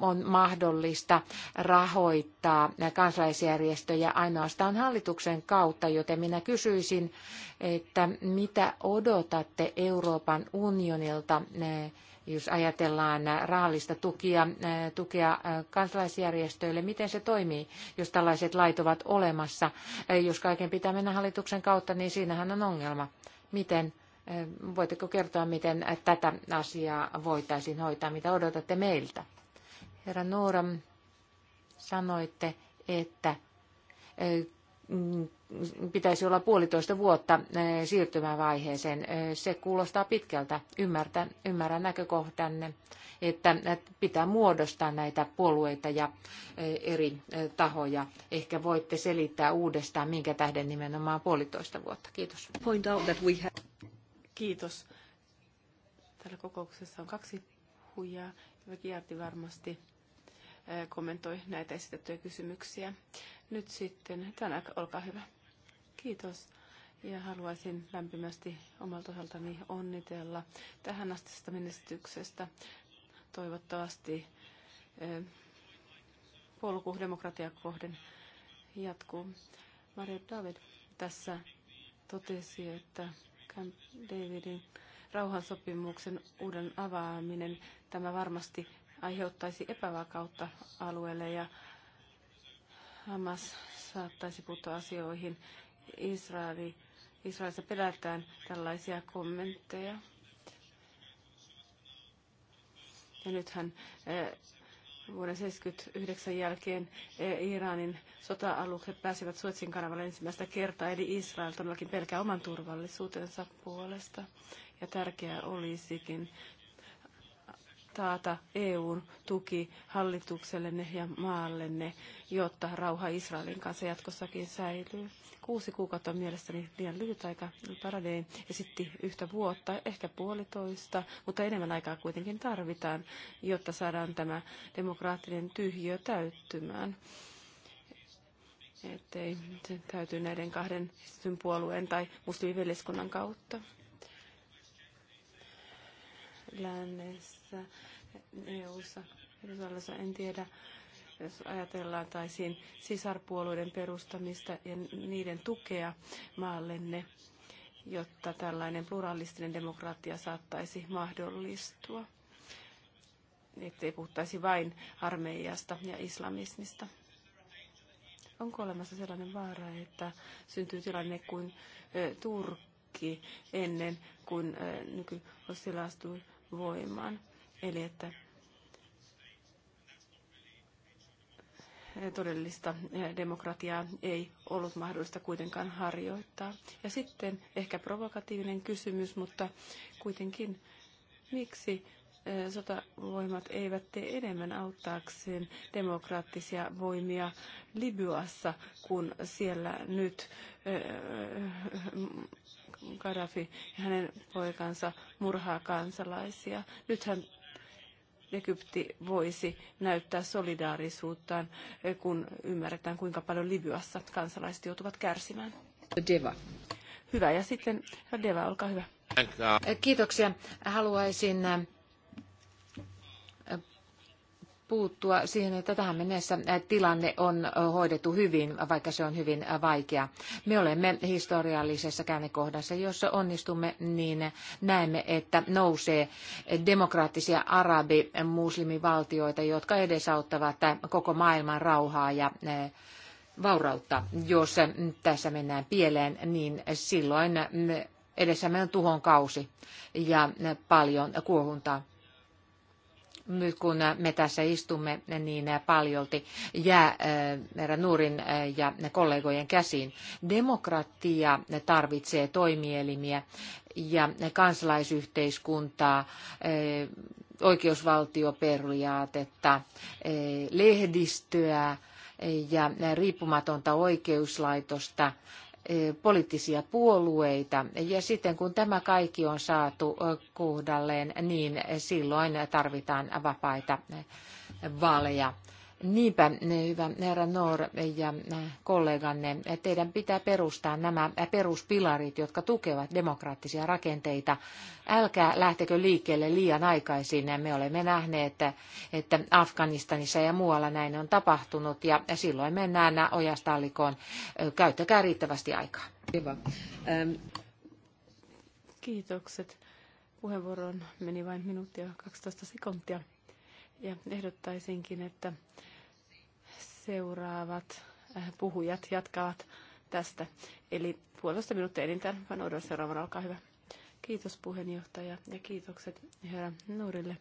on mahdollista rahoittaa kansalaisjärjestöjä ainoastaan hallituksen kautta, joten minä kysyisin, että mitä odotatte Euroopan unionilta, jos ajatellaan rahallista tukia, tukea kansalaisjärjestöille, miten se toimii, jos tällaiset lait ovat olemassa. Jos kaiken pitää mennä hallituksen kautta, niin siinähän on ongelma. Miten Voitteko kertoa, miten tätä asiaa voitaisiin hoitaa, mitä odotatte meiltä? Herra Nooram, sanoitte, että mm, pitäisi olla puolitoista vuotta siirtymävaiheeseen. Se kuulostaa pitkältä. Ymmärtän, ymmärrän näkökohtanne, että pitää muodostaa näitä puolueita ja eri tahoja. Ehkä voitte selittää uudestaan, minkä tähden nimenomaan puolitoista vuotta. Kiitos. Point out that we have... Kiitos. Tällä kokouksessa on kaksi puhujaa. Kiitti varmasti kommentoi näitä esitettyjä kysymyksiä. Nyt sitten tänään, olkaa hyvä. Kiitos. Ja haluaisin lämpimästi omalta osaltani onnitella tähän astisesta menestyksestä. Toivottavasti polku demokratia kohden jatkuu. Maria David tässä totesi, että Camp Davidin rauhansopimuksen uuden avaaminen, tämä varmasti aiheuttaisi epävakautta alueelle ja Hamas saattaisi puuttua asioihin. Israeli, Israelissa pelätään tällaisia kommentteja. Ja nythän eh, vuoden 1979 jälkeen eh, Iranin sota-alukset pääsivät Suetsin kanavalle ensimmäistä kertaa, eli Israel todellakin pelkää oman turvallisuutensa puolesta. Ja tärkeää olisikin taata EUn tuki hallituksellenne ja maallenne, jotta rauha Israelin kanssa jatkossakin säilyy. Kuusi kuukautta on mielestäni liian lyhyt aika. Paradei esitti yhtä vuotta, ehkä puolitoista, mutta enemmän aikaa kuitenkin tarvitaan, jotta saadaan tämä demokraattinen tyhjiö täyttymään ettei se täytyy näiden kahden puolueen tai muslimiveljeskunnan kautta lännessä, EU-ssa, Yhdysvalloissa, en tiedä, jos ajatellaan taisiin sisarpuolueiden perustamista ja niiden tukea maallenne, jotta tällainen pluralistinen demokratia saattaisi mahdollistua, ettei puhuttaisi vain armeijasta ja islamismista. Onko olemassa sellainen vaara, että syntyy tilanne kuin Turkki ennen kuin nyky astui voimaan. Eli että todellista demokratiaa ei ollut mahdollista kuitenkaan harjoittaa. Ja sitten ehkä provokatiivinen kysymys, mutta kuitenkin miksi e, sotavoimat eivät tee enemmän auttaakseen demokraattisia voimia Libyassa, kun siellä nyt e, Gaddafi ja hänen poikansa murhaa kansalaisia. Nythän Egypti voisi näyttää solidaarisuuttaan, eh, kun ymmärretään, kuinka paljon Libyassa kansalaiset joutuvat kärsimään. Deva. Hyvä, ja sitten Deva, olkaa hyvä. Kiitoksia. Haluaisin eh, puuttua siihen, että tähän mennessä tilanne on hoidettu hyvin, vaikka se on hyvin vaikea. Me olemme historiallisessa käännekohdassa, jossa onnistumme, niin näemme, että nousee demokraattisia arabi-muslimivaltioita, jotka edesauttavat koko maailman rauhaa ja vaurautta. Jos tässä mennään pieleen, niin silloin edessämme on tuhon kausi ja paljon kuohuntaa kun me tässä istumme niin paljolti jää meidän äh, nuurin äh, ja kollegojen käsiin. Demokratia tarvitsee toimielimiä ja kansalaisyhteiskuntaa, äh, oikeusvaltioperiaatetta, lehdistöä ja riippumatonta oikeuslaitosta poliittisia puolueita. Ja sitten kun tämä kaikki on saatu kohdalleen, niin silloin tarvitaan vapaita vaaleja. Niinpä, hyvä herra Noor ja kolleganne, teidän pitää perustaa nämä peruspilarit, jotka tukevat demokraattisia rakenteita. Älkää lähtekö liikkeelle liian aikaisin. Me olemme nähneet, että Afganistanissa ja muualla näin on tapahtunut ja silloin mennään ojastallikoon. Käyttäkää riittävästi aikaa. Hyvä. Ähm. Kiitokset. Puheenvuoroon meni vain minuuttia 12 sekuntia. Ja ehdottaisinkin, että Seuraavat äh, puhujat jatkavat tästä. Eli puolitoista minuuttia enintään, vaan odotan seuraavana, olkaa hyvä. Kiitos puheenjohtaja ja kiitokset herra Nuurille.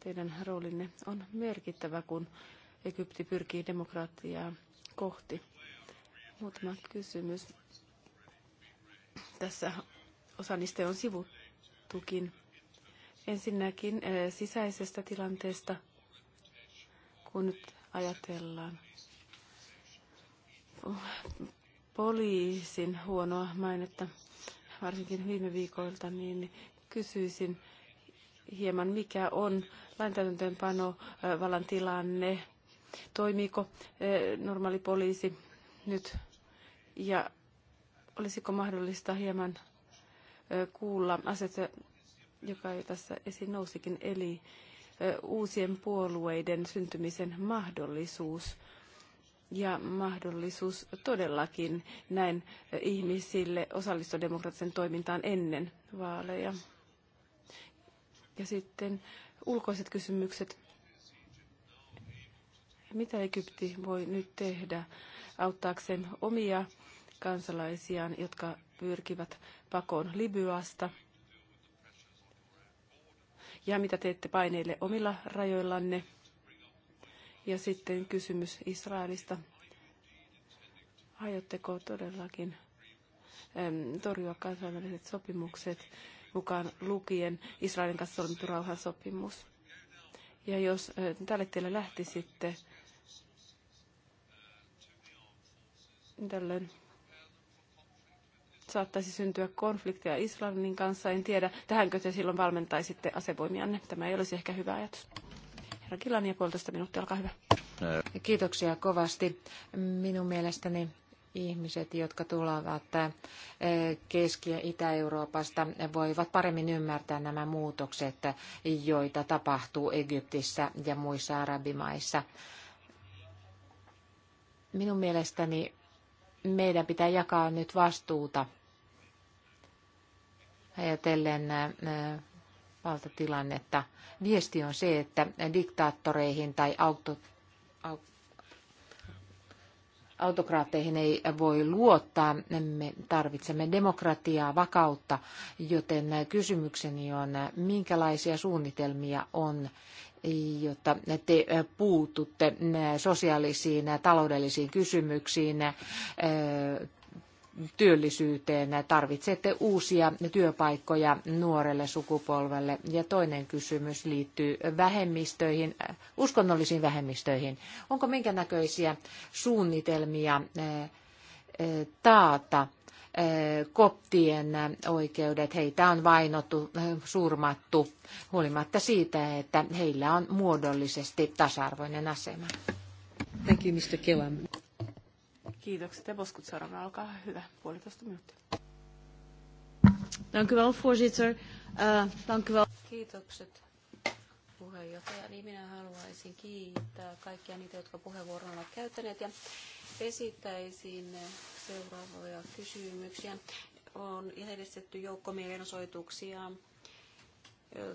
Teidän roolinne on merkittävä, kun Egypti pyrkii demokratiaa kohti. Muutama kysymys. Tässä osa niistä on sivutukin. Ensinnäkin äh, sisäisestä tilanteesta, kun nyt ajatellaan poliisin huonoa mainetta, varsinkin viime viikoilta, niin kysyisin hieman, mikä on laintäytäntöönpano vallan tilanne, toimiiko normaali poliisi nyt ja olisiko mahdollista hieman kuulla asiat, joka jo tässä esiin nousikin, eli uusien puolueiden syntymisen mahdollisuus ja mahdollisuus todellakin näin ihmisille osallistua demokraattisen toimintaan ennen vaaleja. Ja sitten ulkoiset kysymykset. Mitä Egypti voi nyt tehdä auttaakseen omia kansalaisiaan, jotka pyrkivät pakoon Libyasta – ja mitä teette paineille omilla rajoillanne. Ja sitten kysymys Israelista. Aiotteko todellakin äm, torjua kansainväliset sopimukset mukaan lukien Israelin kanssa solmittu rauhansopimus? Ja jos ä, äh, tälle tielle lähtisitte, tällöin saattaisi syntyä konflikteja Islannin kanssa. En tiedä, tähänkö te silloin valmentaisitte asevoimianne. Tämä ei olisi ehkä hyvä ajatus. Herra Kilani ja puolitoista minuuttia, olkaa hyvä. Kiitoksia kovasti. Minun mielestäni ihmiset, jotka tulevat eh, Keski- ja Itä-Euroopasta, voivat paremmin ymmärtää nämä muutokset, joita tapahtuu Egyptissä ja muissa arabimaissa. Minun mielestäni meidän pitää jakaa nyt vastuuta ajatellen valtatilannetta. Viesti on se, että diktaattoreihin tai auto, au, autokraatteihin ei voi luottaa. Me tarvitsemme demokratiaa, vakautta, joten kysymykseni on, minkälaisia suunnitelmia on, jotta te puututte sosiaalisiin ja taloudellisiin kysymyksiin, työllisyyteen. Tarvitsette uusia työpaikkoja nuorelle sukupolvelle. Ja toinen kysymys liittyy vähemmistöihin, uskonnollisiin vähemmistöihin. Onko minkä näköisiä suunnitelmia eh, eh, taata eh, koptien oikeudet. Heitä on vainottu, surmattu, huolimatta siitä, että heillä on muodollisesti tasa-arvoinen asema. Thank you, Mr. Killam. Kiitokset ja poskut seuraavana. Olkaa hyvä. Puolitoista minuuttia. Dank u wel, voorzitter. Uh, dank u wel. Kiitokset puheenjohtaja. Niin minä haluaisin kiittää kaikkia niitä, jotka puheenvuoron ovat käyttäneet ja esittäisin seuraavia kysymyksiä. On järjestetty joukko mielenosoituksia.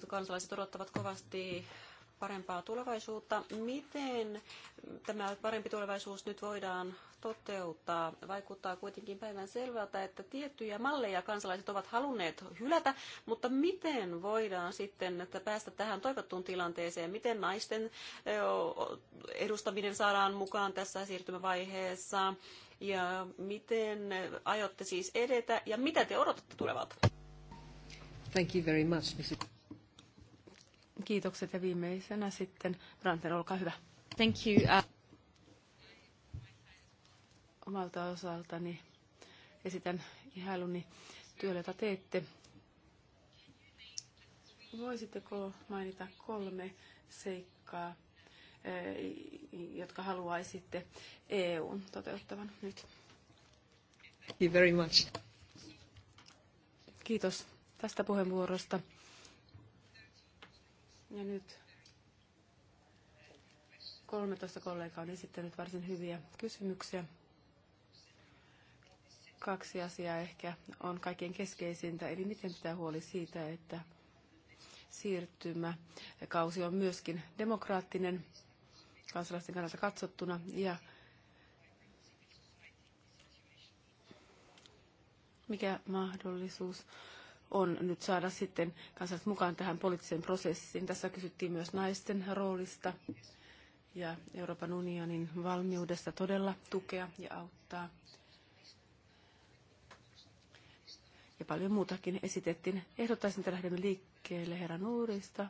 Kansalaiset odottavat kovasti parempaa tulevaisuutta. Miten tämä parempi tulevaisuus nyt voidaan toteuttaa. Vaikuttaa kuitenkin päivän selvältä, että tiettyjä malleja kansalaiset ovat halunneet hylätä, mutta miten voidaan sitten että päästä tähän toivottuun tilanteeseen? Miten naisten edustaminen saadaan mukaan tässä siirtymävaiheessa? Ja miten aiotte siis edetä ja mitä te odotatte tulevalta? Thank you very much, Mrs. Kiitokset ja viimeisenä sitten Ranten, olkaa hyvä. Thank you. Uh omalta osaltani esitän ihailuni työlle, jota teette. Voisitteko mainita kolme seikkaa, eh, jotka haluaisitte EUn toteuttavan nyt? Thank you very much. Kiitos tästä puheenvuorosta. Ja nyt 13 kollegaa on esittänyt varsin hyviä kysymyksiä kaksi asiaa ehkä on kaikkein keskeisintä, eli miten pitää huoli siitä, että kausi on myöskin demokraattinen kansalaisten kannalta katsottuna ja mikä mahdollisuus on nyt saada sitten kansalaiset mukaan tähän poliittiseen prosessiin. Tässä kysyttiin myös naisten roolista ja Euroopan unionin valmiudesta todella tukea ja auttaa ja paljon muutakin esitettiin. Ehdottaisin, että lähdemme liikkeelle herran uurista.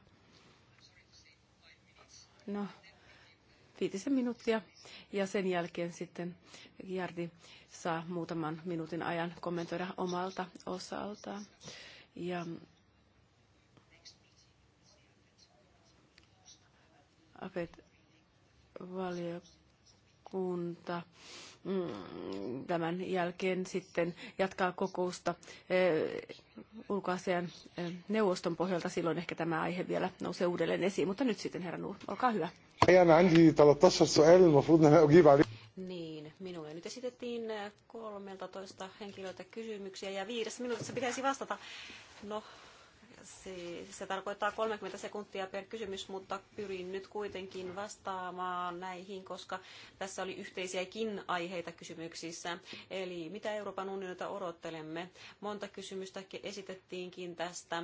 No, viitisen minuuttia ja sen jälkeen sitten Jardi saa muutaman minuutin ajan kommentoida omalta osaltaan. Ja Apet valio valiokunta mm, tämän jälkeen sitten jatkaa kokousta eh, ulkoasian eh, neuvoston pohjalta. Silloin ehkä tämä aihe vielä nousee uudelleen esiin, mutta nyt sitten herra Nuur, olkaa hyvä. Niin, minulle nyt esitettiin 13 eh, henkilöitä kysymyksiä ja viidessä minuutissa pitäisi vastata. No, Siis se tarkoittaa 30 sekuntia per kysymys, mutta pyrin nyt kuitenkin vastaamaan näihin, koska tässä oli yhteisiäkin aiheita kysymyksissä. Eli mitä Euroopan unionilta odottelemme? Monta kysymystä esitettiinkin tästä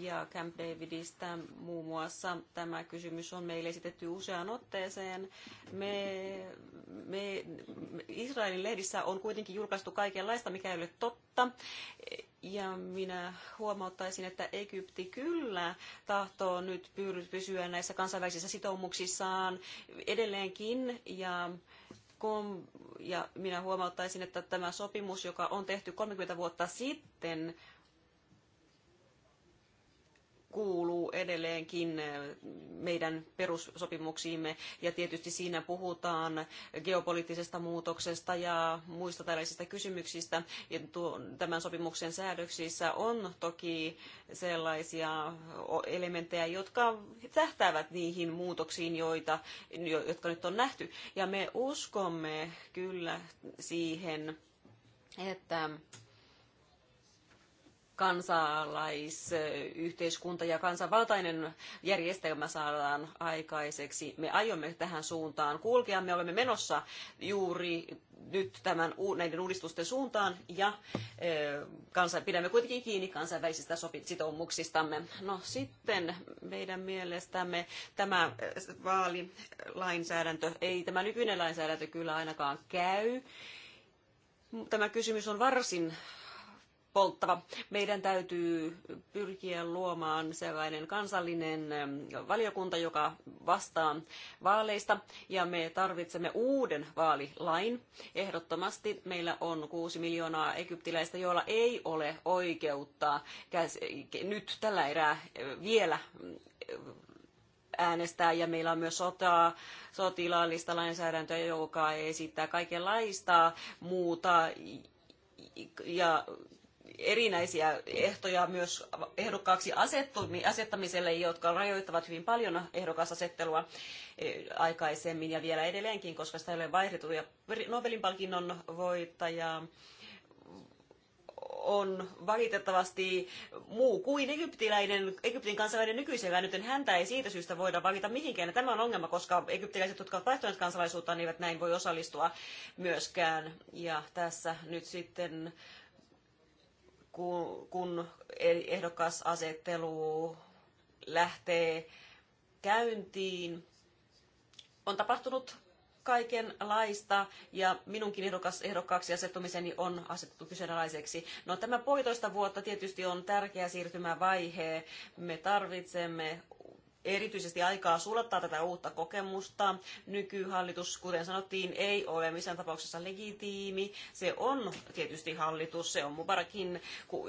ja Camp Davidistä muun muassa. Tämä kysymys on meille esitetty useaan otteeseen. Me, me, Israelin lehdissä on kuitenkin julkaistu kaikenlaista, mikä ei ole totta vuotta. Ja minä huomauttaisin, että Egypti kyllä tahtoo nyt pysyä näissä kansainvälisissä sitoumuksissaan edelleenkin. Ja ja minä huomauttaisin, että tämä sopimus, joka on tehty 30 vuotta sitten, kuuluu edelleenkin eh, meidän perussopimuksiimme. Ja tietysti siinä puhutaan geopoliittisesta muutoksesta ja muista tällaisista kysymyksistä. Ja tämän sopimuksen säädöksissä on toki sellaisia elementtejä, jotka tähtäävät niihin muutoksiin, joita, jotka nyt on nähty. Ja me uskomme kyllä siihen, että kansalaisyhteiskunta ja kansanvaltainen järjestelmä saadaan aikaiseksi. Me aiomme tähän suuntaan kulkea. Me olemme menossa juuri nyt tämän, näiden uudistusten suuntaan ja kansa, pidämme kuitenkin kiinni kansainvälisistä sitoumuksistamme. No sitten meidän mielestämme tämä vaalilainsäädäntö, ei tämä nykyinen lainsäädäntö kyllä ainakaan käy. Tämä kysymys on varsin polttava. Meidän täytyy pyrkiä luomaan sellainen kansallinen ähm, valiokunta, joka vastaa vaaleista, ja me tarvitsemme uuden vaalilain. Ehdottomasti meillä on kuusi miljoonaa egyptiläistä, joilla ei ole oikeutta nyt tällä erää äh, vielä äh, äänestää ja meillä on myös sotaa, sotilaallista lainsäädäntöä, joka esittää kaikenlaista muuta ja erinäisiä ehtoja myös ehdokkaaksi niin asettamiselle, jotka rajoittavat hyvin paljon ehdokasasettelua eh, aikaisemmin ja vielä edelleenkin, koska sitä ei ole vaihdettu. Ja Nobelin palkinnon voittaja on valitettavasti muu kuin egyptiläinen, Egyptin kansalainen nykyisellään, joten häntä ei siitä syystä voida valita mihinkään. Ja tämä on ongelma, koska egyptiläiset, jotka ovat vaihtaneet kansalaisuuttaan, eivät näin voi osallistua myöskään. Ja tässä nyt sitten kun e- ehdokasasettelu lähtee käyntiin. On tapahtunut kaikenlaista ja minunkin ehdokas, ehdokkaaksi asettumiseni on asetettu kyseenalaiseksi. No tämä puolitoista vuotta tietysti on tärkeä siirtymävaihe. Me tarvitsemme erityisesti aikaa sulattaa tätä uutta kokemusta. Nykyhallitus, kuten sanottiin, ei ole missään tapauksessa legitiimi. Se on tietysti hallitus, se on Mubarakin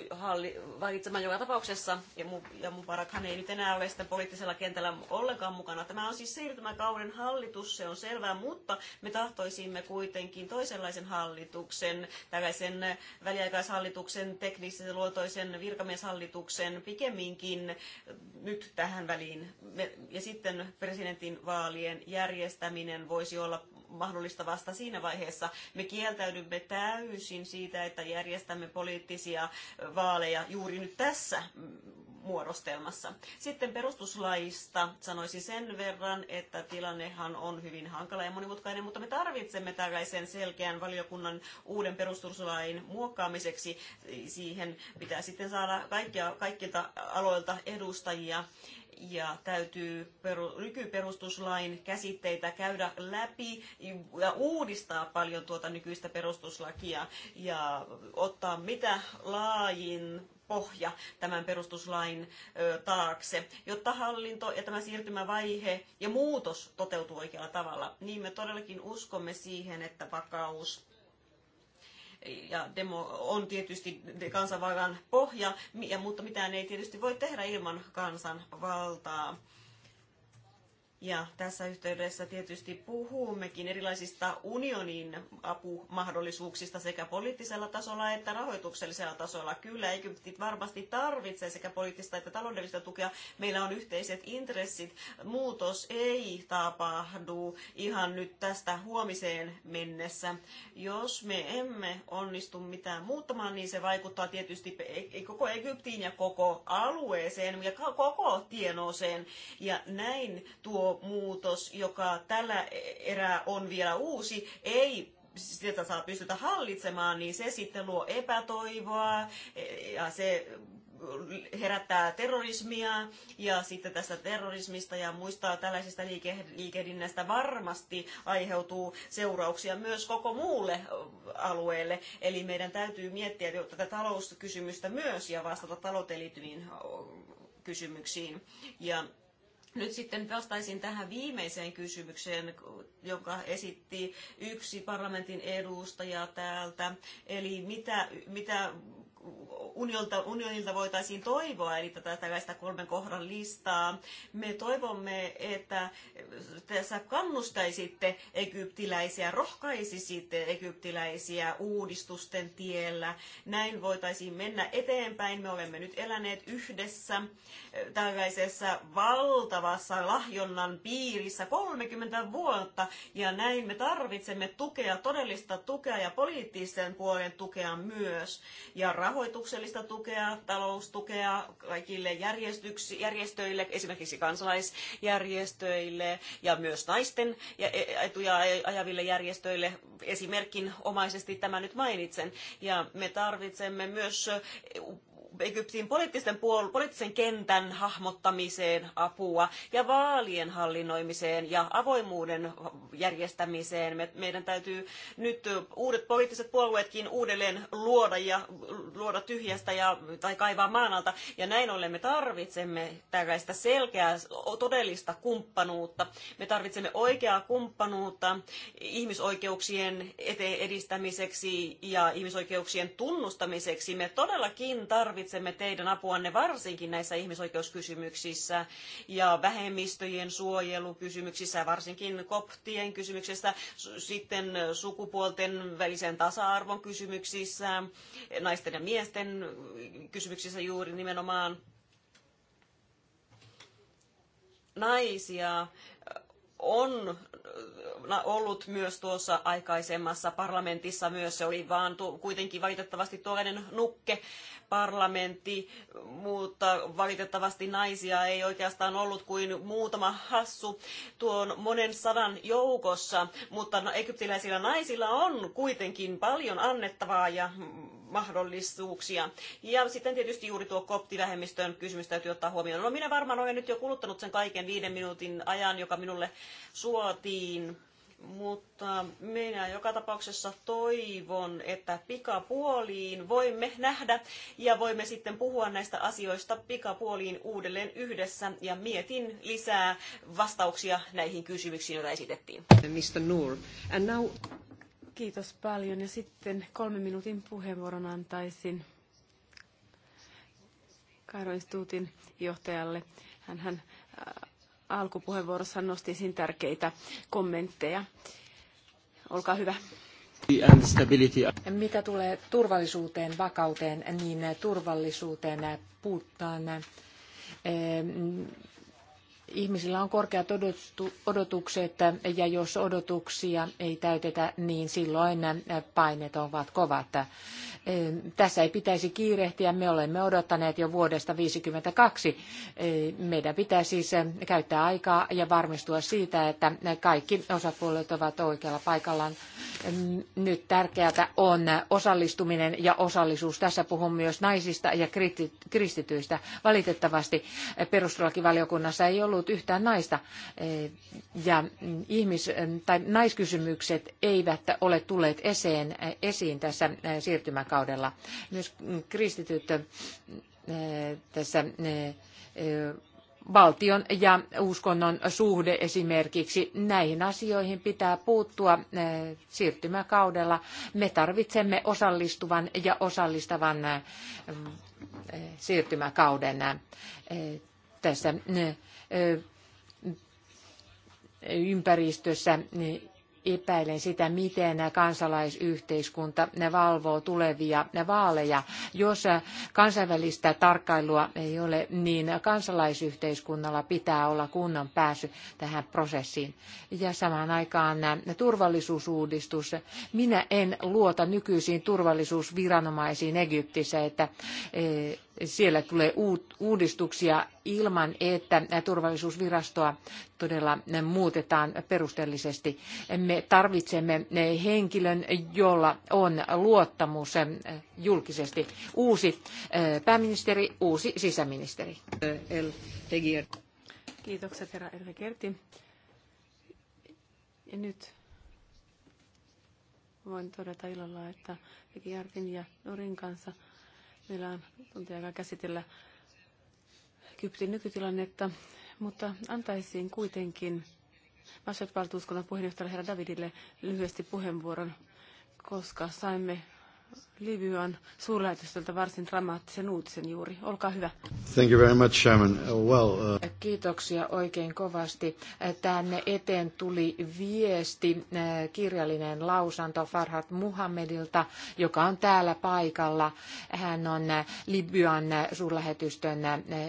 halli, valitsema joka tapauksessa, ja, mu, ja Mubarakhan ei nyt enää ole sitä poliittisella kentällä ollenkaan mukana. Tämä on siis siirtymäkauden hallitus, se on selvää, mutta me tahtoisimme kuitenkin toisenlaisen hallituksen, tällaisen väliaikaishallituksen, teknisen luotoisen virkamieshallituksen pikemminkin nyt tähän väliin ja sitten presidentin vaalien järjestäminen voisi olla mahdollista vasta siinä vaiheessa. Me kieltäydymme täysin siitä, että järjestämme poliittisia vaaleja juuri nyt tässä muodostelmassa. Sitten perustuslaista sanoisin sen verran, että tilannehan on hyvin hankala ja monimutkainen, mutta me tarvitsemme tällaisen selkeän valiokunnan uuden perustuslain muokkaamiseksi. Siihen pitää sitten saada kaikkia, kaikilta aloilta edustajia ja täytyy peru, nykyperustuslain käsitteitä käydä läpi ja uudistaa paljon tuota nykyistä perustuslakia ja ottaa mitä laajin pohja tämän perustuslain taakse, jotta hallinto ja tämä siirtymävaihe ja muutos toteutuu oikealla tavalla. Niin me todellakin uskomme siihen, että vakaus ja demo on tietysti kansanvallan pohja, mutta mitään ei tietysti voi tehdä ilman kansanvaltaa. Ja tässä yhteydessä tietysti puhummekin erilaisista unionin apumahdollisuuksista sekä poliittisella tasolla että rahoituksellisella tasolla. Kyllä, Egyptit varmasti tarvitsee sekä poliittista että taloudellista tukea. Meillä on yhteiset intressit. Muutos ei tapahdu ihan nyt tästä huomiseen mennessä. Jos me emme onnistu mitään muuttamaan, niin se vaikuttaa tietysti e- e- koko Egyptiin ja koko alueeseen ja koko tienoseen. Ja näin tuo muutos, joka tällä erää on vielä uusi, ei sitä saa pystytä hallitsemaan, niin se sitten luo epätoivoa ja se herättää terrorismia ja sitten tästä terrorismista ja muista tällaisesta liike- liikehdinnästä varmasti aiheutuu seurauksia myös koko muulle alueelle. Eli meidän täytyy miettiä tätä talouskysymystä myös ja vastata talouteen liittyviin kysymyksiin. Ja nyt sitten vastaisin tähän viimeiseen kysymykseen, jonka esitti yksi parlamentin edustaja täältä. Eli mitä, mitä unionilta, unionilta voitaisiin toivoa, eli tätä tällaista kolmen kohdan listaa. Me toivomme, että tässä kannustaisitte egyptiläisiä, rohkaisisitte egyptiläisiä uudistusten tiellä. Näin voitaisiin mennä eteenpäin. Me olemme nyt eläneet yhdessä eh, tällaisessa valtavassa lahjonnan piirissä 30 vuotta, ja näin me tarvitsemme tukea, todellista tukea ja poliittisen puolen tukea myös, ja rahoituksellista taloudellista tukea, taloustukea kaikille järjestöille, esimerkiksi kansalaisjärjestöille ja myös naisten e, etuja ajaville järjestöille. Esimerkin omaisesti tämä nyt mainitsen. Ja me tarvitsemme myös Egyptin poliittisen puol- poliittisen kentän hahmottamiseen apua ja vaalien hallinnoimiseen ja avoimuuden järjestämiseen. Me, meidän täytyy nyt uudet poliittiset puolueetkin uudelleen luoda ja luoda tyhjästä ja, tai kaivaa maanalta. Ja näin ollen me tarvitsemme tällaista selkeää todellista kumppanuutta. Me tarvitsemme oikeaa kumppanuutta ihmisoikeuksien edistämiseksi ja ihmisoikeuksien tunnustamiseksi. Me todellakin tarvitsemme tarvitsemme teidän apuanne varsinkin näissä ihmisoikeuskysymyksissä ja vähemmistöjen suojelukysymyksissä, varsinkin koptien kysymyksessä, sitten sukupuolten välisen tasa-arvon kysymyksissä, naisten ja miesten kysymyksissä juuri nimenomaan naisia on äh, ollut myös tuossa aikaisemmassa parlamentissa myös. Se oli vaan kuitenkin valitettavasti tuollainen nukke parlamentti, mutta valitettavasti naisia ei oikeastaan ollut kuin muutama hassu tuon monen sadan joukossa, mutta egyptiläisillä naisilla on kuitenkin paljon annettavaa ja mahdollisuuksia. Ja sitten tietysti juuri tuo koptivähemmistön kysymys täytyy ottaa huomioon. No minä varmaan olen nyt jo kuluttanut sen kaiken viiden minuutin ajan, joka minulle suotiin. Mutta minä joka tapauksessa toivon, että pikapuoliin voimme nähdä ja voimme sitten puhua näistä asioista pikapuoliin uudelleen yhdessä ja mietin lisää vastauksia näihin kysymyksiin, joita esitettiin. Mr. Noor. And now... Kiitos paljon. Ja sitten kolme minuutin puheenvuoron antaisin Kairo-instituutin johtajalle. Hän, hän äh, alkupuheenvuorossaan nosti esiin tärkeitä kommentteja. Olkaa hyvä. Mitä tulee turvallisuuteen, vakauteen, niin turvallisuuteen puuttaan ihmisillä on korkeat odotukset ja jos odotuksia ei täytetä, niin silloin paineet ovat kovat. Tässä ei pitäisi kiirehtiä. Me olemme odottaneet jo vuodesta 1952. Meidän pitää siis käyttää aikaa ja varmistua siitä, että kaikki osapuolet ovat oikealla paikallaan. Nyt tärkeää on osallistuminen ja osallisuus. Tässä puhun myös naisista ja kristityistä. Valitettavasti perustuslakivaliokunnassa ei ollut ollut yhtään naista. E, ja ihmis- tai naiskysymykset eivät ole tulleet eseen, e, esiin tässä e, siirtymäkaudella. Myös kristityt tässä valtion ja uskonnon suhde esimerkiksi. Näihin asioihin pitää puuttua siirtymäkaudella. Me tarvitsemme osallistuvan ja osallistavan siirtymäkauden tässä ympäristössä epäilen sitä, miten kansalaisyhteiskunta ne valvoo tulevia vaaleja. Jos kansainvälistä tarkkailua ei ole, niin kansalaisyhteiskunnalla pitää olla kunnon pääsy tähän prosessiin. Ja samaan aikaan turvallisuusuudistus. Minä en luota nykyisiin turvallisuusviranomaisiin Egyptissä, että eh, siellä tulee uudistuksia ilman, että turvallisuusvirastoa todella muutetaan perusteellisesti. Me tarvitsemme henkilön, jolla on luottamus julkisesti. Uusi eh, pääministeri, uusi sisäministeri. Kiitokset herra Elvegerti. Ja nyt voin todeta ilolla, että Egiartin ja Norin kanssa – Meillä on tunti aikaa käsitellä Egyptin nykytilannetta, mutta antaisin kuitenkin masjot valtuuskunnan puheenjohtajalle herra Davidille lyhyesti puheenvuoron, koska saimme Libyan suurlähetystöltä varsin dramaattisen uutisen juuri. Olkaa hyvä. Thank you very much, Chairman. Uh, well, uh... Kiitoksia oikein kovasti. Tänne eteen tuli viesti, uh, kirjallinen lausanto Farhat Muhammedilta, joka on täällä paikalla. Hän on uh, Libyan suurlähetystön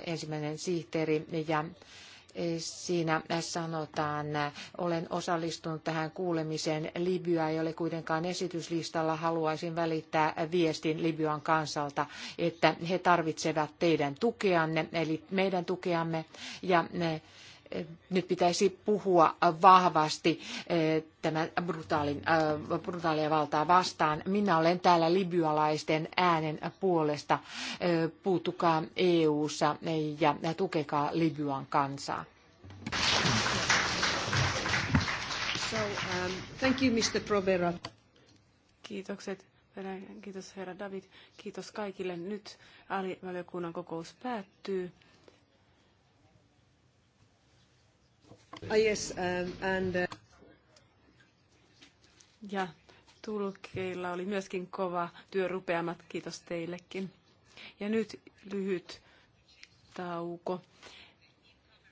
ensimmäinen sihteeri ja Eh, siinä sanotaan, olen osallistunut tähän kuulemiseen. Libya ei ole kuitenkaan esityslistalla. Haluaisin välittää viestin Libyan kansalta, että he tarvitsevat teidän tukeanne, eli meidän tukeamme. Ja ne, eh, nyt pitäisi puhua vahvasti eh, tämän brutaalin, eh, brutaalia valtaa vastaan. Minä olen täällä libyalaisten äänen puolesta. Eh, puutukaa EU-ssa ja tukekaa Libyan kansaa. So, um, thank you, Mr. Provera. Kiitokset. Kiitos herra David. Kiitos kaikille. Nyt alivaliokunnan kokous päättyy. Ah, yes, um, and, uh... Ja tulkeilla oli myöskin kova työrupeamat, kiitos teillekin. Ja nyt lyhyt tauko.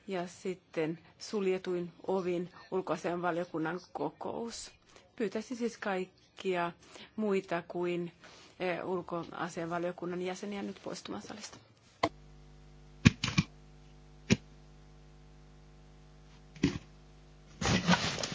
Ja sitten suljetuin ovin ulkoisen valiokunnan kokous. Pyytäisin siis kaikkia muita kuin eh, ulkoasianvaliokunnan jäseniä nyt poistumaan salista.